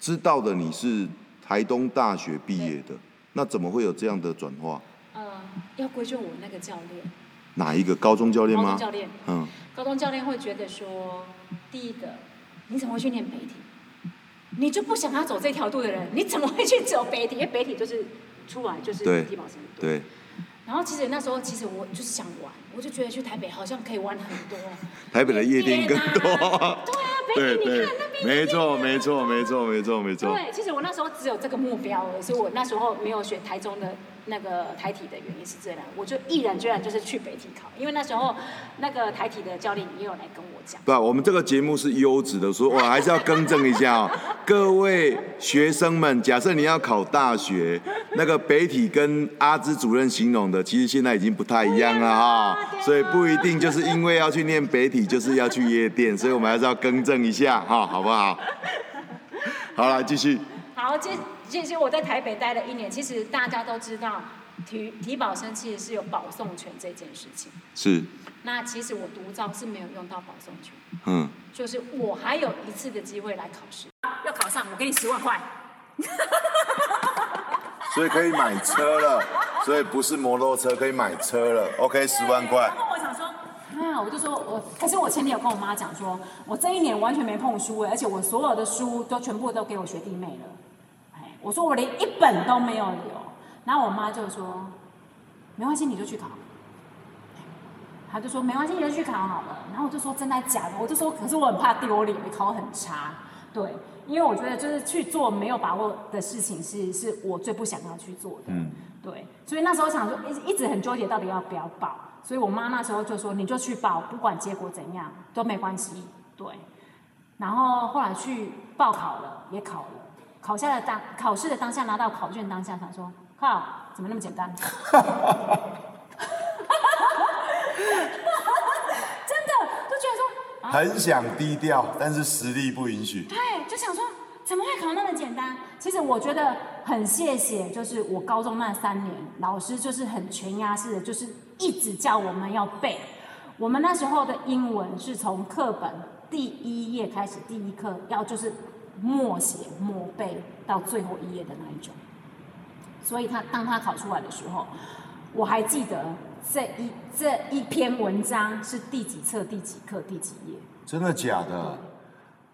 知道的你是台東大學畢業的，對那怎麼會有這樣的轉化？嗯、呃，要歸咎我那個教練。哪一個？高中教練嗎？高中教練。嗯。高中教練會覺得說，第一個，你怎麼會去念北體？你就不想要走這條路的人，你怎麼會去走北體？因為北體就是出來就是體保生的。對。然後，其實那時候，其實我就是想玩。我就覺得去台北好像可以玩很多，台北的夜店更多。啊對啊，對對對，對，沒錯，沒錯，沒錯，沒錯，沒錯。對，其實我那時候只有這個目標，所以、嗯、我那時候沒有選台中的。那個台體的原因是這樣，我就毅然決然就是去北體考，因為那時候那個台體的教練也有來跟我講。對、啊，我們這個節目是優質的，所以我還是要更正一下、喔、各位學生們，假設你要考大學，那個北體跟阿芝主任形容的，其實現在已經不太一樣了哈、喔，所以不一定就是因為要去念北體就是要去夜店，所以我們還是要更正一下哈、喔，好不好？好，來繼續。好，接。其實我在台北待了一年。其實大家都知道，體體保生其實是有保送權這件事情。是。那其實我獨招是沒有用到保送權。嗯。就是我還有一次的機會來考試，要考上，我給你十萬塊。 所以可以買車了，所以不是摩托車可以買車了。OK，對十萬塊。然後我想說，那、啊、我就說我，可是我前天有跟我媽講，說我這一年完全沒碰書，而且我所有的書都全部都給我學弟妹了。我說我連一本都沒有留，然後我媽就說：“沒關係，你就去考。”她就說：“沒關係，你就去考好了。”然後我就說：“真的假的？”我就說：“可是我很怕丟臉，我考很差。”對，因為我覺得就是去做沒有把握的事情是，是是我最不想要去做的。嗯、對，所以那時候想說一一直很糾結，到底要不要報。所以我媽那時候就說：“你就去報，不管結果怎樣都沒關係。”對，然後後來去報考了，也考了。考下的當考試的當下拿到考卷當下，想說：“靠，怎麼那麼簡單？” 真的就覺得說、啊、很想低調，但是實力不允許。對，就想說怎麼會考那麼簡單？其實我覺得很謝謝，就是我高中那三年，老師就是很全壓式的，就是一直叫我們要背。我們那時候的英文是從課本第一頁開始，第一課要就是。默寫、默背到最後一頁的那一種，所以他當他考出來的時候，我還記得這一這一篇文章是第幾冊、第幾課、第幾頁。真的假的？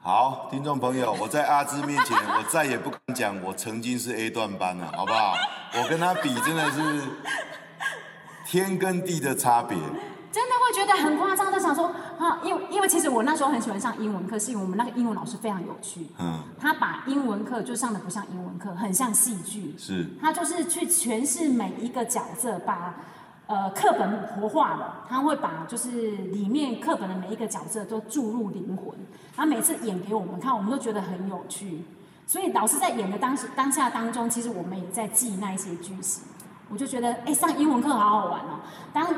好，聽眾朋友，我在阿姿面前， 我再也不敢講我曾經是 A 段班了，好不好？我跟他比，真的是天跟地的差別。真的會覺得很誇張，就想說啊，因為，因為其實我那時候很喜歡上英文課，是因為我們那個英文老師非常有趣，嗯，他把英文課就上的不像英文課，很像戲劇，是，他就是去詮釋每一個角色，把呃課本活化了，他會把就是裡面課本的每一個角色都注入靈魂，他每次演給我們看，我們都覺得很有趣，所以老師在演的當時當下當中，其實我們也在記那一些句型，我就覺得哎，上英文課好好玩哦，當。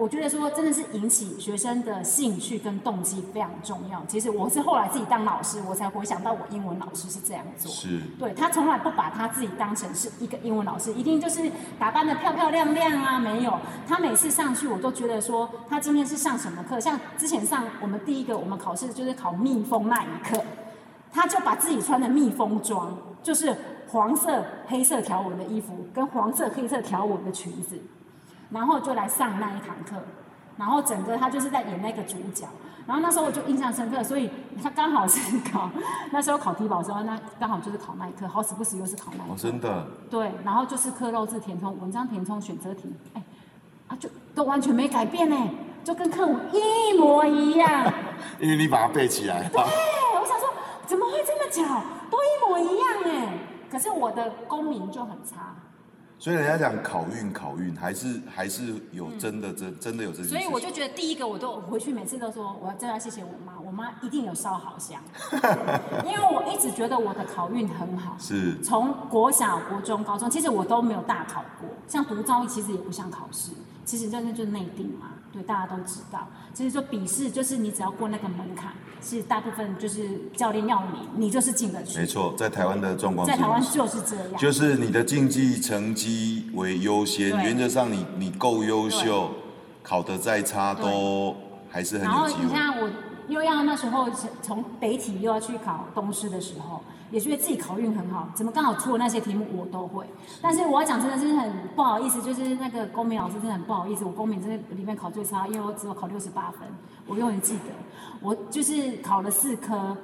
我覺得說真的是引起學生的興趣跟動機非常重要。其實我是後來自己當老師，我才回想到我英文老師是這樣做。是，對，他從來不把他自己當成是一個英文老師，一定就是打扮得漂漂亮亮啊。沒有，他每次上去，我都覺得說他今天是上什麼課。像之前上我們第一個我們考試就是考蜜蜂那一課，他就把自己穿的蜜蜂裝，就是黃色黑色條紋的衣服跟黃色黑色條紋的裙子。然後就來上那一堂課，然後整個他就是在演那個主角，然後那時候我就印象深刻，所以他剛好是考那時候考體保的時候，那剛好就是考那一課，好死不死又是考那一課，哦，真的，對，然後就是克漏字填充、文章填充、選擇題，哎，啊，就都完全沒改變呢，就跟課文一模一樣，因為你把它背起來，對，我想說怎麼會這麼巧，都一模一樣哎，可是我的功名就很差。所以人家講考運，考運還是還是有真的真、嗯、真的有這些。所以我就覺得第一個我，我都回去每次都說，我要真的要謝謝我媽，我媽一定有燒好香， 因為我一直覺得我的考運很好。是。從國小、國中、高中，其實我都沒有大考過，像獨招其實也不像考試，其實真的就是內定嘛，對，大家都知道。所以說筆試就是你只要過那個門檻。是大部分就是教練要你，你就是進得去。沒錯，在台灣的狀況，在台灣就是這樣。就是你的競技成績為優先，對原則上你你夠優秀，對考得再差都還是很有機會。然後你看我又要那時候從北體又要去考東師的時候，也覺得自己考運很好，怎麼剛好出的那些題目我都會。但是我要講真的是很不好意思，就是那個公民老師真的很不好意思，我公民真的裡面考最差，因為我只有考六十八分。我永遠記得，我就是考了四科，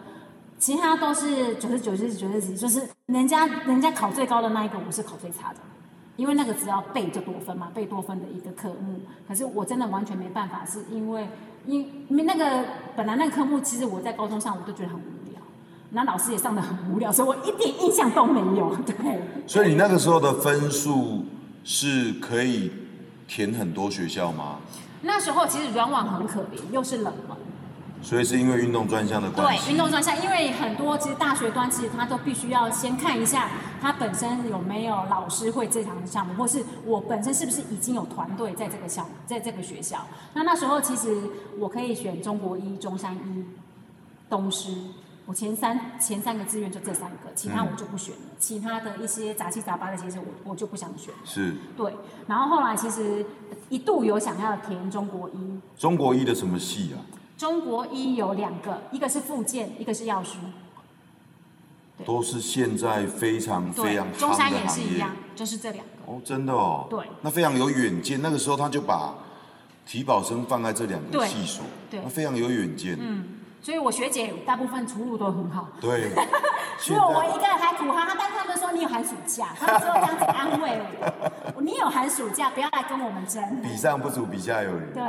其他都是九十九就是九十幾，就是人家人家考最高的那一個，我是考最差的，因為那個只要背就多分嘛，背多分的一個科目。可是我真的完全沒辦法，是因為因為那個本來那個科目其實我在高中上我都覺得很。那老師也上的很無聊，所以我一點印象都沒有。對，所以你那個時候的分數是可以填很多學校嗎？那時候其實軟網很可憐，又是冷門，所以是因為運動專項的關係。對，運動專項，因為很多其實大學端其實它都必須要先看一下它本身有沒有老師會這項的項目，或是我本身是不是已經有團隊在這個項目，在這個學校。那那時候其實我可以選中國一、中山一、東師。我前三前三個志願就這三個，其他我就不選了。嗯、其他的一些雜七雜八的，其實我我就不想選。是。對。然後後來其實一度有想要填中國醫。中國醫的什麼系啊？中國醫有兩個，一個是復健，一個是藥學。都是現在非常非常行的行。中山也是一樣，就是這兩個。哦，真的哦。對。那非常有遠見，那個時候他就把體保生放在這兩個系所，對，那非常有遠見。嗯。所以我學姐大部分出路都很好。對。所以 我一個人還苦哈哈，但他們說，你有寒暑假，他們說這樣子安慰我。 你有寒暑假，不要來跟我們爭。比上不足，比下有餘。對。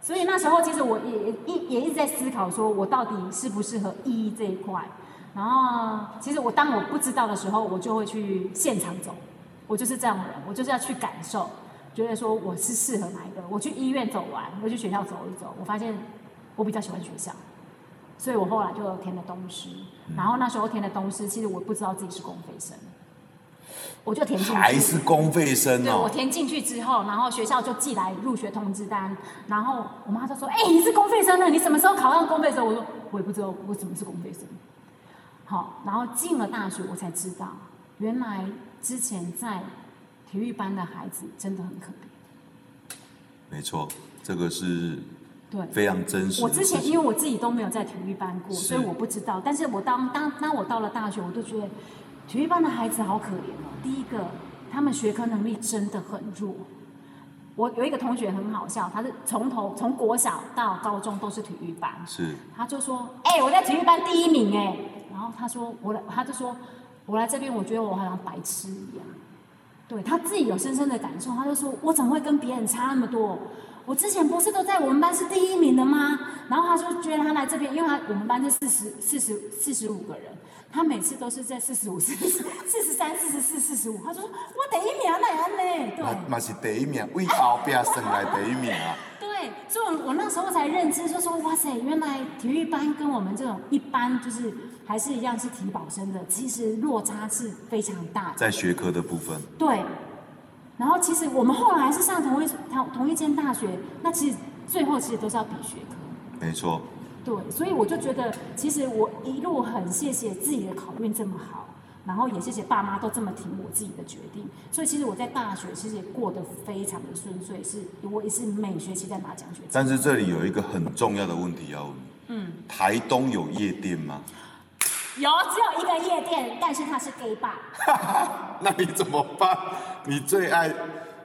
所以那時候，其實我也一也一直在思考，說我到底適不適合醫這一塊。然後，其實我當我不知道的時候，我就會去現場走。我就是這樣的人，我就是要去感受，覺得說我是適合哪一個。我去醫院走完，我去學校走一走，我發現我比較喜歡學校。所以我後來就填了東師，嗯、然後那時候填的東師，其實我不知道自己是公費生，我就填進去，還是公費生哦對。我填進去之後，然後學校就寄來入學通知單，然後我媽就說：“哎、欸，你是公費生呢？你什麼時候考上公費生？”我說：“我也不知道為什麼是公費生。”好，然後進了大學，我才知道，原來之前在體育班的孩子真的很可憐。沒錯，這個是。對，非常真實。我之前因為我自己都沒有在體育班過，是所以我不知道。但是我當當當我到了大學，我都覺得體育班的孩子好可憐哦。嗯、第一個，他們學科能力真的很弱。我有一個同學很好笑，他是從頭從國小到高中都是體育班，是他就說：“哎、欸，我在體育班第一名哎。”然後他說：“我來他就說我來這邊，我覺得我好像白痴一樣。對”對他自己有深深的感受，他就說：“我怎麼會跟別人差那麼多？”我之前不是都在我們班是第一名的嗎？然後他就覺得他來這邊，因為他我們班是四十、四十、四十五個人，他每次都是在四十五、四十、四十三、四十四、四十三、四十四、四十四、四十五，他就說我第一名來安內，對，嘛是第一名，位後壁算來第一名啊。 對，所以我，我那時候才認知，就說哇塞，原來體育班跟我們這種一般，就是還是一樣是體保生的，其實落差是非常大的，在學科的部分，對。然後其實我們後來是上同一同同一間大學，那其實最後其實都是要比學科。沒錯。對，所以我就覺得，其實我一路很謝謝自己的考運這麼好，然後也謝謝爸媽都這麼挺我自己的決定，所以其實我在大學其實也過得非常的順遂，是我也是每學期在拿獎學金。但是這裡有一個很重要的問題要問嗯，台東有夜店嗎？有，只有一個夜店，但是他是 gay bar。 那你怎麼辦？你最愛，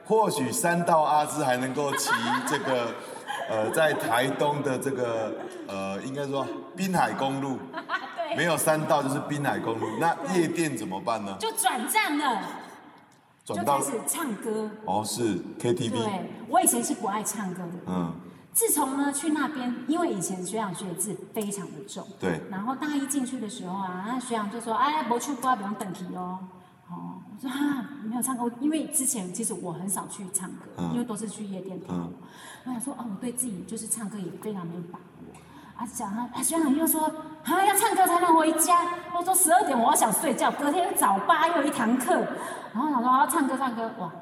或許山道阿姿還能夠騎這個， 呃，在台東的這個，呃，應該說濱海公路， 對沒有山道就是濱海公路。那夜店怎麼辦呢？就轉戰了，轉到就開始唱歌。哦，是 KTV。對，我以前是不愛唱歌的。嗯。自從呢去那邊，因為以前學長學的字非常的重，對，然後大一進去的時候啊，那學長就說：“哎、啊，不去歌，不用登台哦。”哦，我說：“哈、啊，沒有唱歌，因為之前其實我很少去唱歌，嗯、因為都是去夜店聽的。”嗯，我想說啊，我對自己就是唱歌也非常沒把握，啊哇，想啊，啊，學長又說：“啊，要唱歌才能回家。”我說：“十二點我要想睡覺，隔天早八又一堂課。”然後想說：“我、啊、要唱歌，唱歌哇。”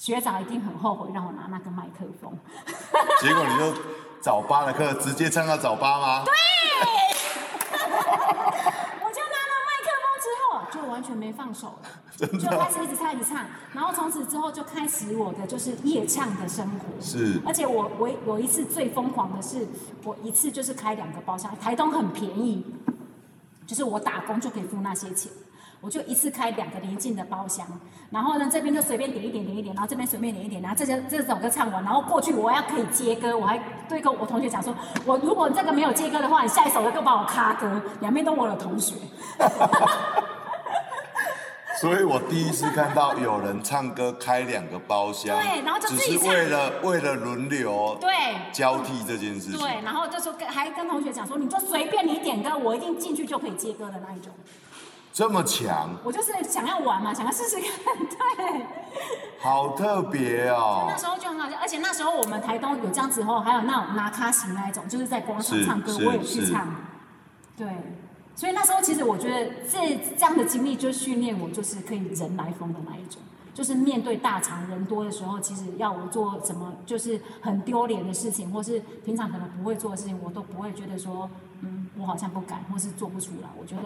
學長一定很後悔讓我拿那個麥克風，結果你就早八的課直接唱到早八嗎？對， 我就拿了麥克風之後就完全沒放手了，真的？就開始一直唱一直唱，然後從此之後就開始我的就是夜唱的生活。是，而且我我有一次最瘋狂的是，我一次就是開兩個包廂，台東很便宜，就是我打工就可以付那些錢。我就一次開兩個鄰近的包廂，然後呢，這邊就隨便點一點，點，點一點，然後這邊隨便點一點，然後這些這首歌唱完，然後過去我要可以接歌，我還對跟我同學講說，我如果這個沒有接歌的話，你下一首就把我卡歌，兩邊都我的同學。 所以我第一次看到有人唱歌開兩個包廂，對，然後就是為了為了輪流對交替這件事情，對，然後就說跟還跟同學講說，你就隨便你點歌，我一定進去就可以接歌的那一種。這麼強！我就是想要玩嘛，想要試試看，對。好特別哦。就那時候就很好笑，而且那時候我們台東有這樣子後，後還有那種拿卡型那一種，就是在廣場唱歌，是是是我也去唱。對。所以那時候其實我覺得這這樣的經歷就是訓練我，就是可以人來瘋的那一種，就是面對大場人多的時候，其實要我做什麼就是很丟臉的事情，或是平常可能不會做的事情，我都不會覺得說，嗯，我好像不敢，或是做不出來。我覺得。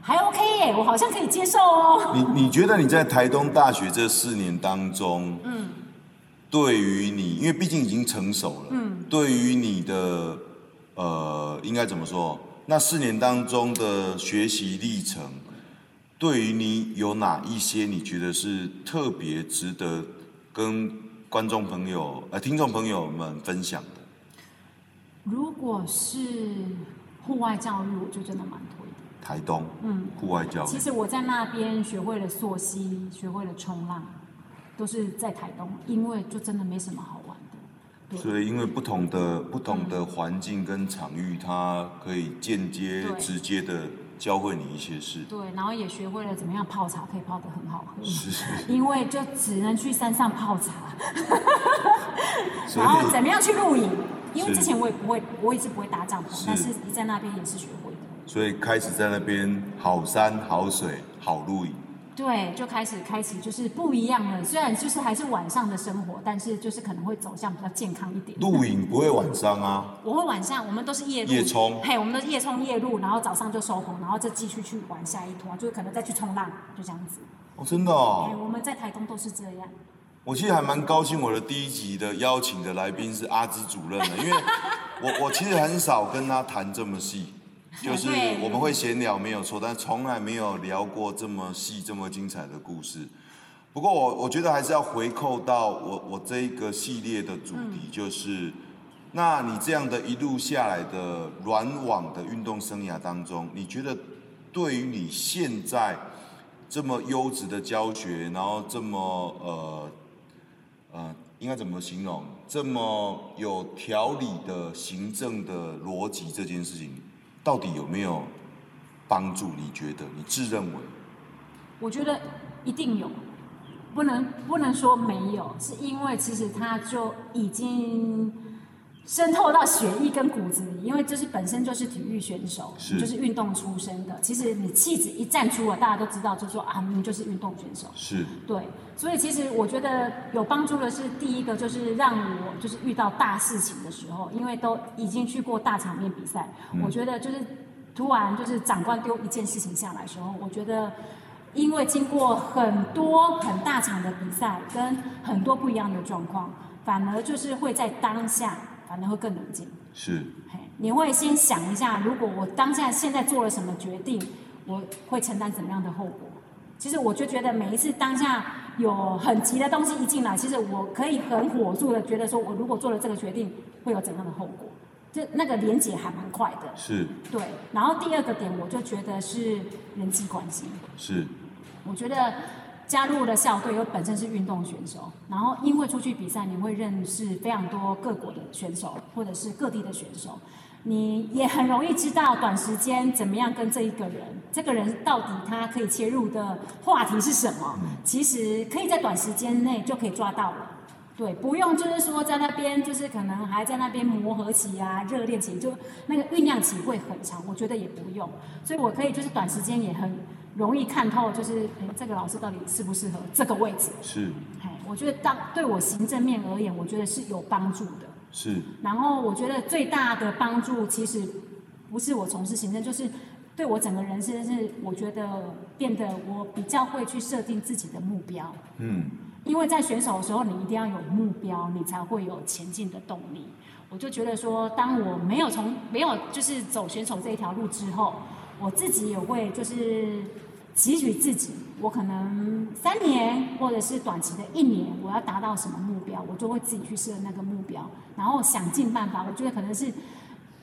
還 OK 耶，我好像可以接受哦。你你覺得你在台東大學這四年當中，嗯，對於你，因為畢竟已經成熟了，嗯，對於你的呃，應該怎麼說？那四年當中的學習歷程，對於你有哪一些你覺得是特別值得跟觀眾朋友、呃聽眾朋友們分享的？如果是戶外教育，我就真的蠻多。台東，嗯，戶外教育。其實我在那邊學會了溯溪，學會了衝浪，都是在台東，因為就真的沒什麼好玩的。對。所以，因為不同的不同的環境跟場域，嗯、它可以間接、直接的教會你一些事。對，然後也學會了怎麼樣泡茶可以泡得很好喝，嗯、是因為就只能去山上泡茶。 所以然後怎麼樣去露營？因為之前我也不會，我也是不會搭帳篷，是但是在那邊也是學會。所以開始在那邊好山好水好露營，對，就開始開始就是不一樣了。雖然就是還是晚上的生活，但是就是可能會走向比較健康一點。露營不會晚上啊，我會晚上，我們都是夜夜衝沖，嘿，我們都是夜衝夜露，然後早上就收工，然後再繼續去玩下一托，就可能再去衝浪，就這樣子。哦，真的哦，欸，我們在台東都是這樣。我其實還蠻高興，我的第一集的邀請的來賓是阿姿主任的。 因為我我其實很少跟他談這麼細。就是我們會閒聊沒有錯，但從來沒有聊過這麼細、這麼精彩的故事。不過我我覺得還是要回扣到我我這一個系列的主題，就是、嗯、那你這樣的一路下來的軟網的運動生涯當中，你覺得對於你現在這麼優質的教學，然後這麼呃呃，應該怎麼形容？這麼有條理的行政的邏輯這件事情？到底有沒有幫助？你覺得？你自認為？我覺得一定有，不能不能說沒有，是因為其實他就已經。滲透到血液跟骨子裡，因為就是本身就是體育選手，是就是運動出身的。其實你氣質一站出來，大家都知道就，就說啊，你就是運動選手。是對，所以其實我覺得有幫助的是第一個，就是讓我就是遇到大事情的時候，因為都已經去過大場面比賽，嗯、我覺得就是突然就是長官丟一件事情下來的時候，我覺得因為經過很多很大場的比賽跟很多不一樣的狀況，反而就是會在當下。反而會更冷靜。是，hey, 你會先想一下，如果我當下現在做了什麼決定，我會承擔什麼樣的後果？其實我就覺得每一次當下有很急的東西一進來，其實我可以很火速的覺得，說我如果做了這個決定，會有怎樣的後果？就那個連接還蠻快的。是。對。然後第二個點，我就覺得是人際關係。是。我覺得。加入了校隊，又本身是運動選手，然後因為出去比賽，你會認識非常多各國的選手，或者是各地的選手，你也很容易知道短時間怎麼樣跟這一個人，這個人到底他可以切入的話題是什麼，其實可以在短時間內就可以抓到了。對，不用，就是說在那邊，就是可能還在那邊磨合期啊，熱戀期，就那個醞釀期會很長。我覺得也不用，所以我可以就是短時間也很容易看透，就是誒，這個老師到底適不適合這個位置。是，我覺得當對我行政面而言，我覺得是有幫助的。是。然後我覺得最大的幫助其實不是我從事行政，就是對我整個人生是，是我覺得變得我比較會去設定自己的目標。嗯。因為在選手的時候，你一定要有目標，你才會有前進的動力。我就覺得說，當我沒有從沒有就是走選手這一條路之後，我自己也會就是汲取自己。我可能三年或者是短期的一年，我要達到什麼目標，我就會自己去設那個目標，然後想盡辦法。我覺得可能是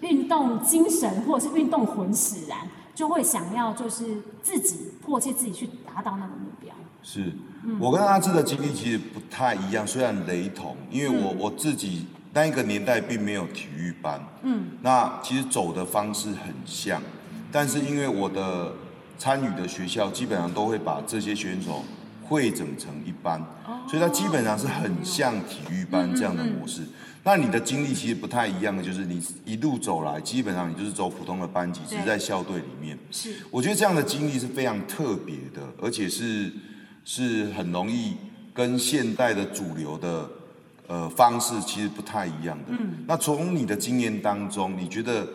運動精神或者是運動魂使然，就會想要就是自己迫切自己去達到那個目標。是。我跟阿姿的經歷其實不太一樣，雖然雷同，因為我是我自己那一個年代並沒有體育班。嗯，那其實走的方式很像，但是因為我的參與的學校基本上都會把這些選手匯整成一班，哦、所以它基本上是很像體育班這樣的模式。嗯嗯嗯、那你的經歷其實不太一樣，的，就是你一路走來，基本上你就是走普通的班級，只是在校隊裡面。是，我覺得這樣的經歷是非常特別的，而且是。是很容易跟現代的主流的呃方式其實不太一樣的。嗯。那從你的經驗當中，你覺得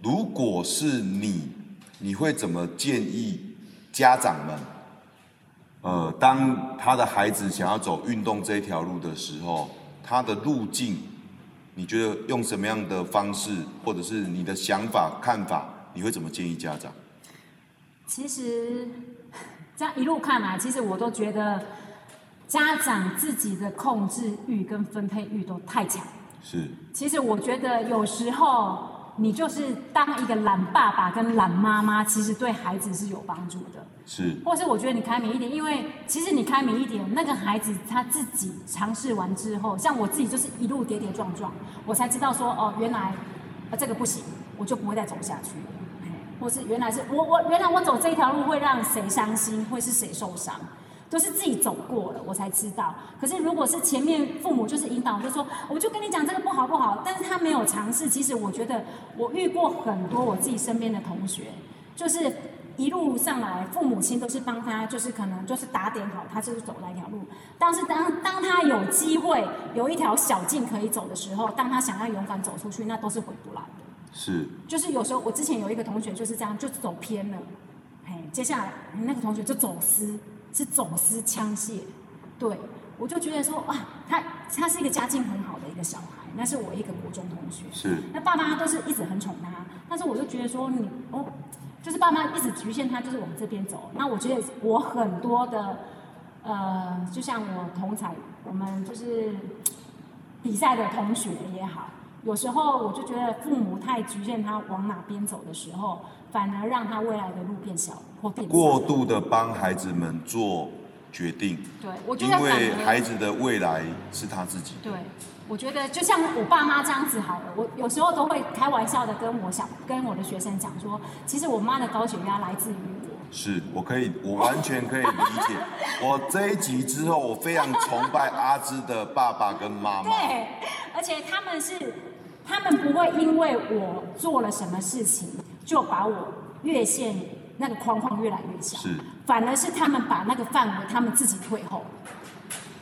如果是你，你會怎麼建議家長們？呃，當他的孩子想要走運動這一條路的時候，他的路徑，你覺得用什麼樣的方式，或者是你的想法、看法，你會怎麼建議家長？其實。這樣一路看來，其實我都覺得家長自己的控制欲跟分配欲都太強。是。其實我覺得有時候你就是當一個懶爸爸跟懶媽媽，其實對孩子是有幫助的。是。或是我覺得你開明一點，因為其實你開明一點，那個孩子他自己嘗試完之後，像我自己就是一路跌跌撞撞，我才知道說哦，原來、呃、這個不行，我就不會再走下去。或是原來是我我原來我走這一條路會讓誰傷心，會是誰受傷，都是自己走過了，我才知道。可是如果是前面父母就是引導，就說我就跟你講這個不好不好，但是他沒有嘗試。其實我覺得我遇過很多我自己身邊的同學，就是一路上來父母親都是幫他，就是可能就是打點好他就是走那條路。但是當當他有機會有一條小徑可以走的時候，當他想要勇敢走出去，那都是回不來的。是，就是有時候我之前有一個同學就是這樣，就走偏了，嘿，接下來那個同學就走私，是走私槍械，對，我就覺得說啊，他他是一個家境很好的一個小孩，那是我一個國中同學，是，那爸媽都是一直很寵他，但是我就覺得說你哦，就是爸媽一直局限他就是往這邊走，那我覺得我很多的呃，就像我同才，我們就是比賽的同學也好。有時候我就覺得父母太局限他往哪邊走的時候，反而讓他未來的路變小或變小，過度的幫孩子們做決定，對，因為孩子的未來是他自己。對，我覺得就像我爸媽這樣子好了，我有時候都會開玩笑的跟我想跟我的學生講說，其實我媽的高血壓來自於我。是，我可以，我完全可以理解。哦、 我這一集之後，我非常崇拜阿姿的爸爸跟媽媽。對，而且他們是。他們不會因為我做了什麼事情就把我越線那個框框，越來越小，是，反而是他們把那個範圍，他們自己退後。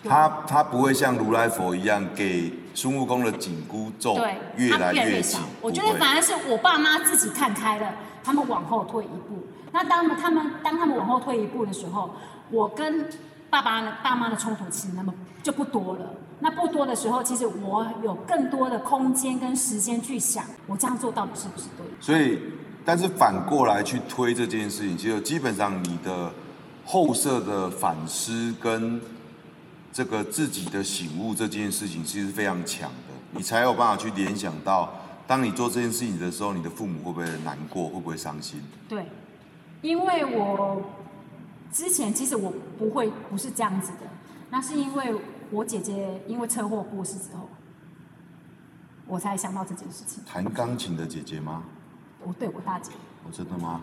他他不會像如來佛一樣給孫悟空的緊箍咒，對，越來越小。不會。我覺得反而是我爸媽自己看開了，他們往後退一步。那當他們當他們往後退一步的時候，我跟爸爸的爸媽的衝突其實那麼就不多了。那不多的時候，其實我有更多的空間跟時間去想，我這樣做到底是不是對？所以，但是反過來去推這件事情，其實基本上你的後設的反思跟這個自己的醒悟這件事情，其實非常強的，你才有辦法去聯想到，當你做這件事情的時候，你的父母會不會難過，會不會傷心？對，因為我之前其實我不會不是這樣子的，那是因為。我姐姐因為車禍過世之後，我才想到這件事情。彈鋼琴的姐姐嗎？我對我大姐。我真的嗎？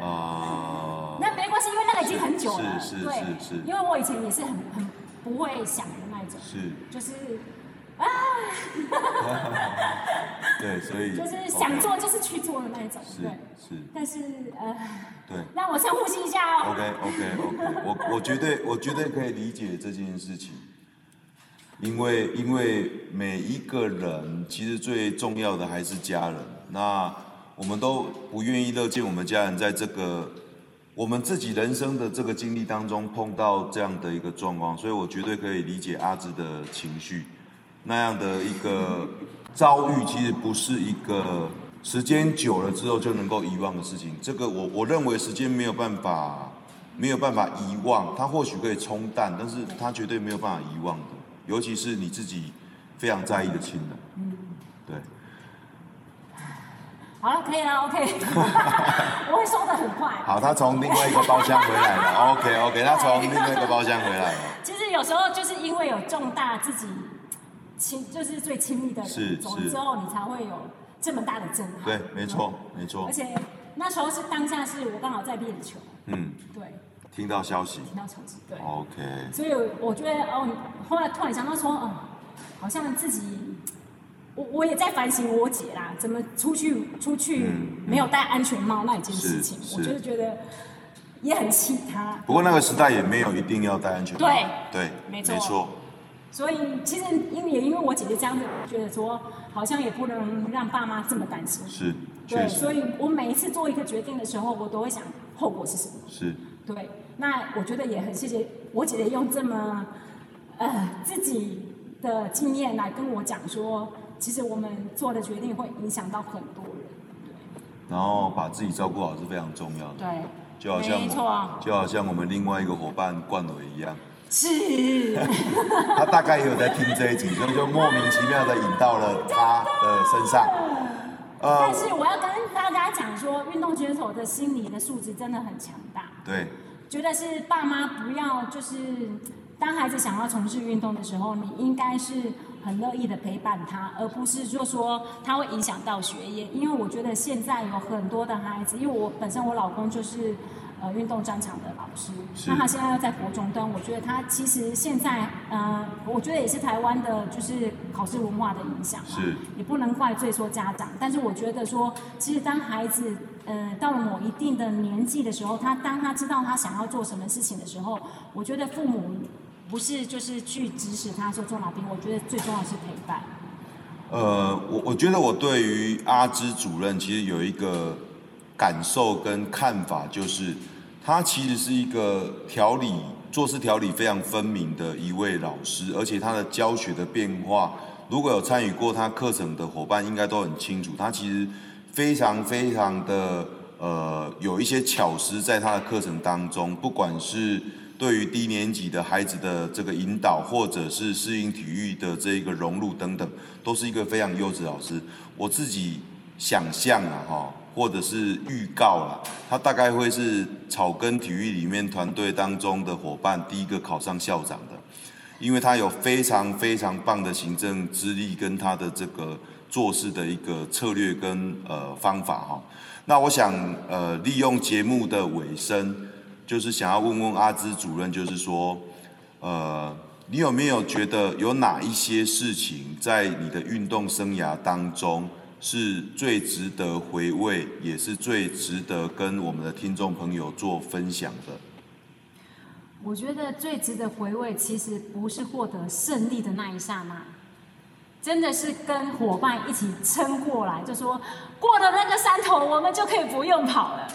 哦、 uh。 那沒關係，因為那個已經很久了。是是是。因為我以前也是很很不會想的那一種。是。就是。啊！ 對，所以就是想做就是去做的那一種，是 Okay. 對是。是，但是呃，對，那 我先呼吸一下哦。OK OK OK， 我我絕對我絕對可以理解這件事情，因為因為每一個人其實最重要的還是家人，那我們都不願意樂見我們家人在這個我們自己人生的這個經歷當中碰到這樣的一個狀況，所以我絕對可以理解阿姿的情緒。那樣的一個遭遇，其實不是一個時間久了之後就能夠遺忘的事情。這個我我認為時間沒有辦法，沒有辦法遺忘，它或許可以沖淡，但是它絕對沒有辦法遺忘的。尤其是你自己非常在意的親人，嗯，對。好了，可以了，OK。 我會說的很快。好，他從另外一個包廂回來了 ，OK OK。他從另外一個包廂回來了。對其實有時候就是因為有重大自己。親，就是最親密的人。是是。走了之後，你才會有這麼大的震撼。對，沒錯，沒錯。而且那時候是當下，是我剛好在練球。嗯。對。聽到消息。聽到消息，對。OK。所以我覺得，哦，後來突然想到說，哦，好像自己，我我也在反省我姐啦，怎麼出去出去沒有戴安全帽那一件事情，我就是覺得也很氣他。不過那個時代也沒有一定要戴安全帽。對。對，沒錯。所以，其實因為，也因為我姐姐這樣子，我覺得說好像也不能讓爸媽這麼擔心。是，確實。對。所以我每一次做一個決定的時候，我都會想後果是什麼。是，對。那我覺得也很謝謝我姐姐用這麼，呃，自己的經驗來跟我講說，其實我們做的決定會影響到很多人。對，然後把自己照顧好是非常重要的。對，就好像，沒錯啊，就好像我們另外一個伙伴冠偉一樣。是， 他大概也有在聽這一集，所以就莫名其妙的引到了他的身上。但是我要跟大家講說，運動選手的心理的素質真的很強大。對，覺得是爸媽不要就是，當孩子想要從事運動的時候，你應該是很樂意的陪伴他，而不是就說他會影響到學業。因為我覺得現在有很多的孩子，因為我本身我老公就是。運動專場的老師，那他現在要在國中端，我覺得他其實現在，呃，我覺得也是台灣的，就是考試文化的影響，是也不能怪罪說家長。但是我覺得說，其實當孩子，呃，到了某一定的年紀的時候，他當他知道他想要做什麼事情的時候，我覺得父母不是就是去指使他說做哪邊，我覺得最重要是陪伴。呃，我我覺得我對於阿姿主任其實有一個感受跟看法，就是。他其實是一個條理做事條理非常分明的一位老師，而且他的教學的變化，如果有參與過他課程的夥伴，應該都很清楚。他其實非常非常的呃，有一些巧思在他的課程當中，不管是對於低年級的孩子的這個引導，或者是適應體育的這個融入等等，都是一個非常優質老師。我自己想象啊，哈。或者是預告啦，他大概會是草根體育裡面團隊當中的夥伴第一個考上校長的，因為他有非常非常棒的行政資歷跟他的這個做事的一個策略，跟呃方法哈、哦。那我想呃利用節目的尾聲，就是想要問問阿姿主任，就是說呃你有沒有覺得有哪一些事情在你的運動生涯當中，是最值得回味，也是最值得跟我們的聽眾朋友做分享的。我覺得最值得回味，其實不是獲得勝利的那一剎那，真的是跟伙伴一起撐過來，就說過了那個山頭，我們就可以不用跑了。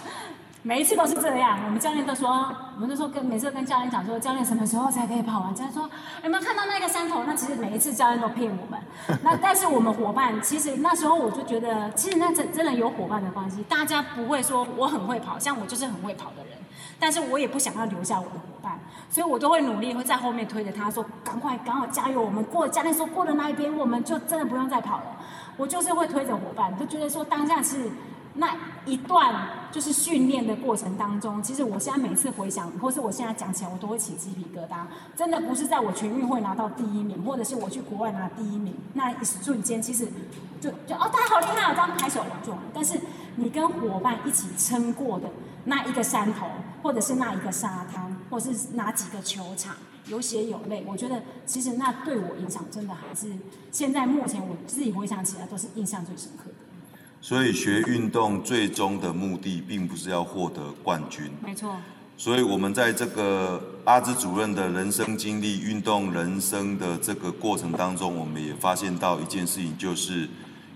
每一次都是這樣，我們教練都說，我們都說跟每次跟教練講說，教練什麼時候才可以跑完？教練說有沒有看到那個山頭？那其實每一次教練都騙我們。那但是我們夥伴，其實那時候我就覺得，其實那真真的有夥伴的關係，大家不會說我很會跑，像我就是很會跑的人，但是我也不想要留下我的夥伴，所以我都會努力會在後面推着他說趕快，趕快加油，我們過教練說過的那一邊，我們就真的不用再跑了。我就是會推着夥伴，就覺得說當下是。那一段就是訓練的過程當中，其實我現在每次回想，或是我現在講起來，我都會起雞皮疙瘩。真的不是在我全運會拿到第一名，或者是我去國外拿第一名那一瞬間，其實就就,就哦，大家好厲害啊，這樣拍手合作。但是你跟伙伴一起撐過的那一個山頭，或者是那一個沙灘，或者是哪幾個球場，有血有淚，我覺得其實那對我影響真的還是現在目前我自己回想起來都是印象最深刻的。所以學運動最終的目的，並不是要獲得冠軍。沒錯。所以我們在這個阿姿主任的人生經歷、運動人生的這個過程當中，我們也發現到一件事情，就是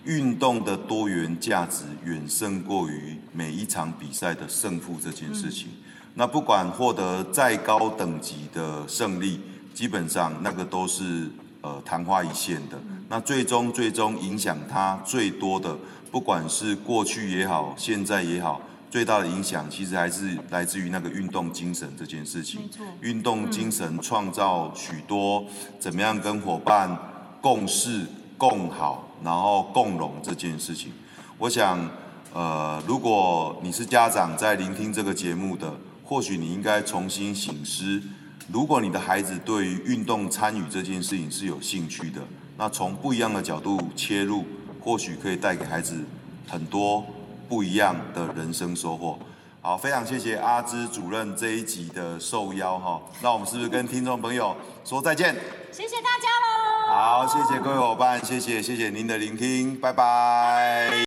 運動的多元價值遠勝過於每一場比賽的勝負這件事情。嗯。那不管獲得再高等級的勝利，基本上那個都是呃曇花一現的。嗯。那最終，最終影響他最多的。不管是過去也好，現在也好，最大的影響其實還是來自於那個運動精神這件事情。沒錯，運動精神創造許多、嗯、怎麼樣跟夥伴共事、共好、然後共榮這件事情。我想，呃，如果你是家長在聆聽這個節目的，或許你應該重新省思，如果你的孩子對於運動參與這件事情是有興趣的，那從不一樣的角度切入，或許可以帶給孩子很多不一樣的人生收穫。好，非常謝謝阿姿主任這一集的受邀哈。那我們是不是跟聽眾朋友說再見？謝謝大家嘍。好，謝謝各位夥伴，謝謝謝謝您的聆聽，拜拜。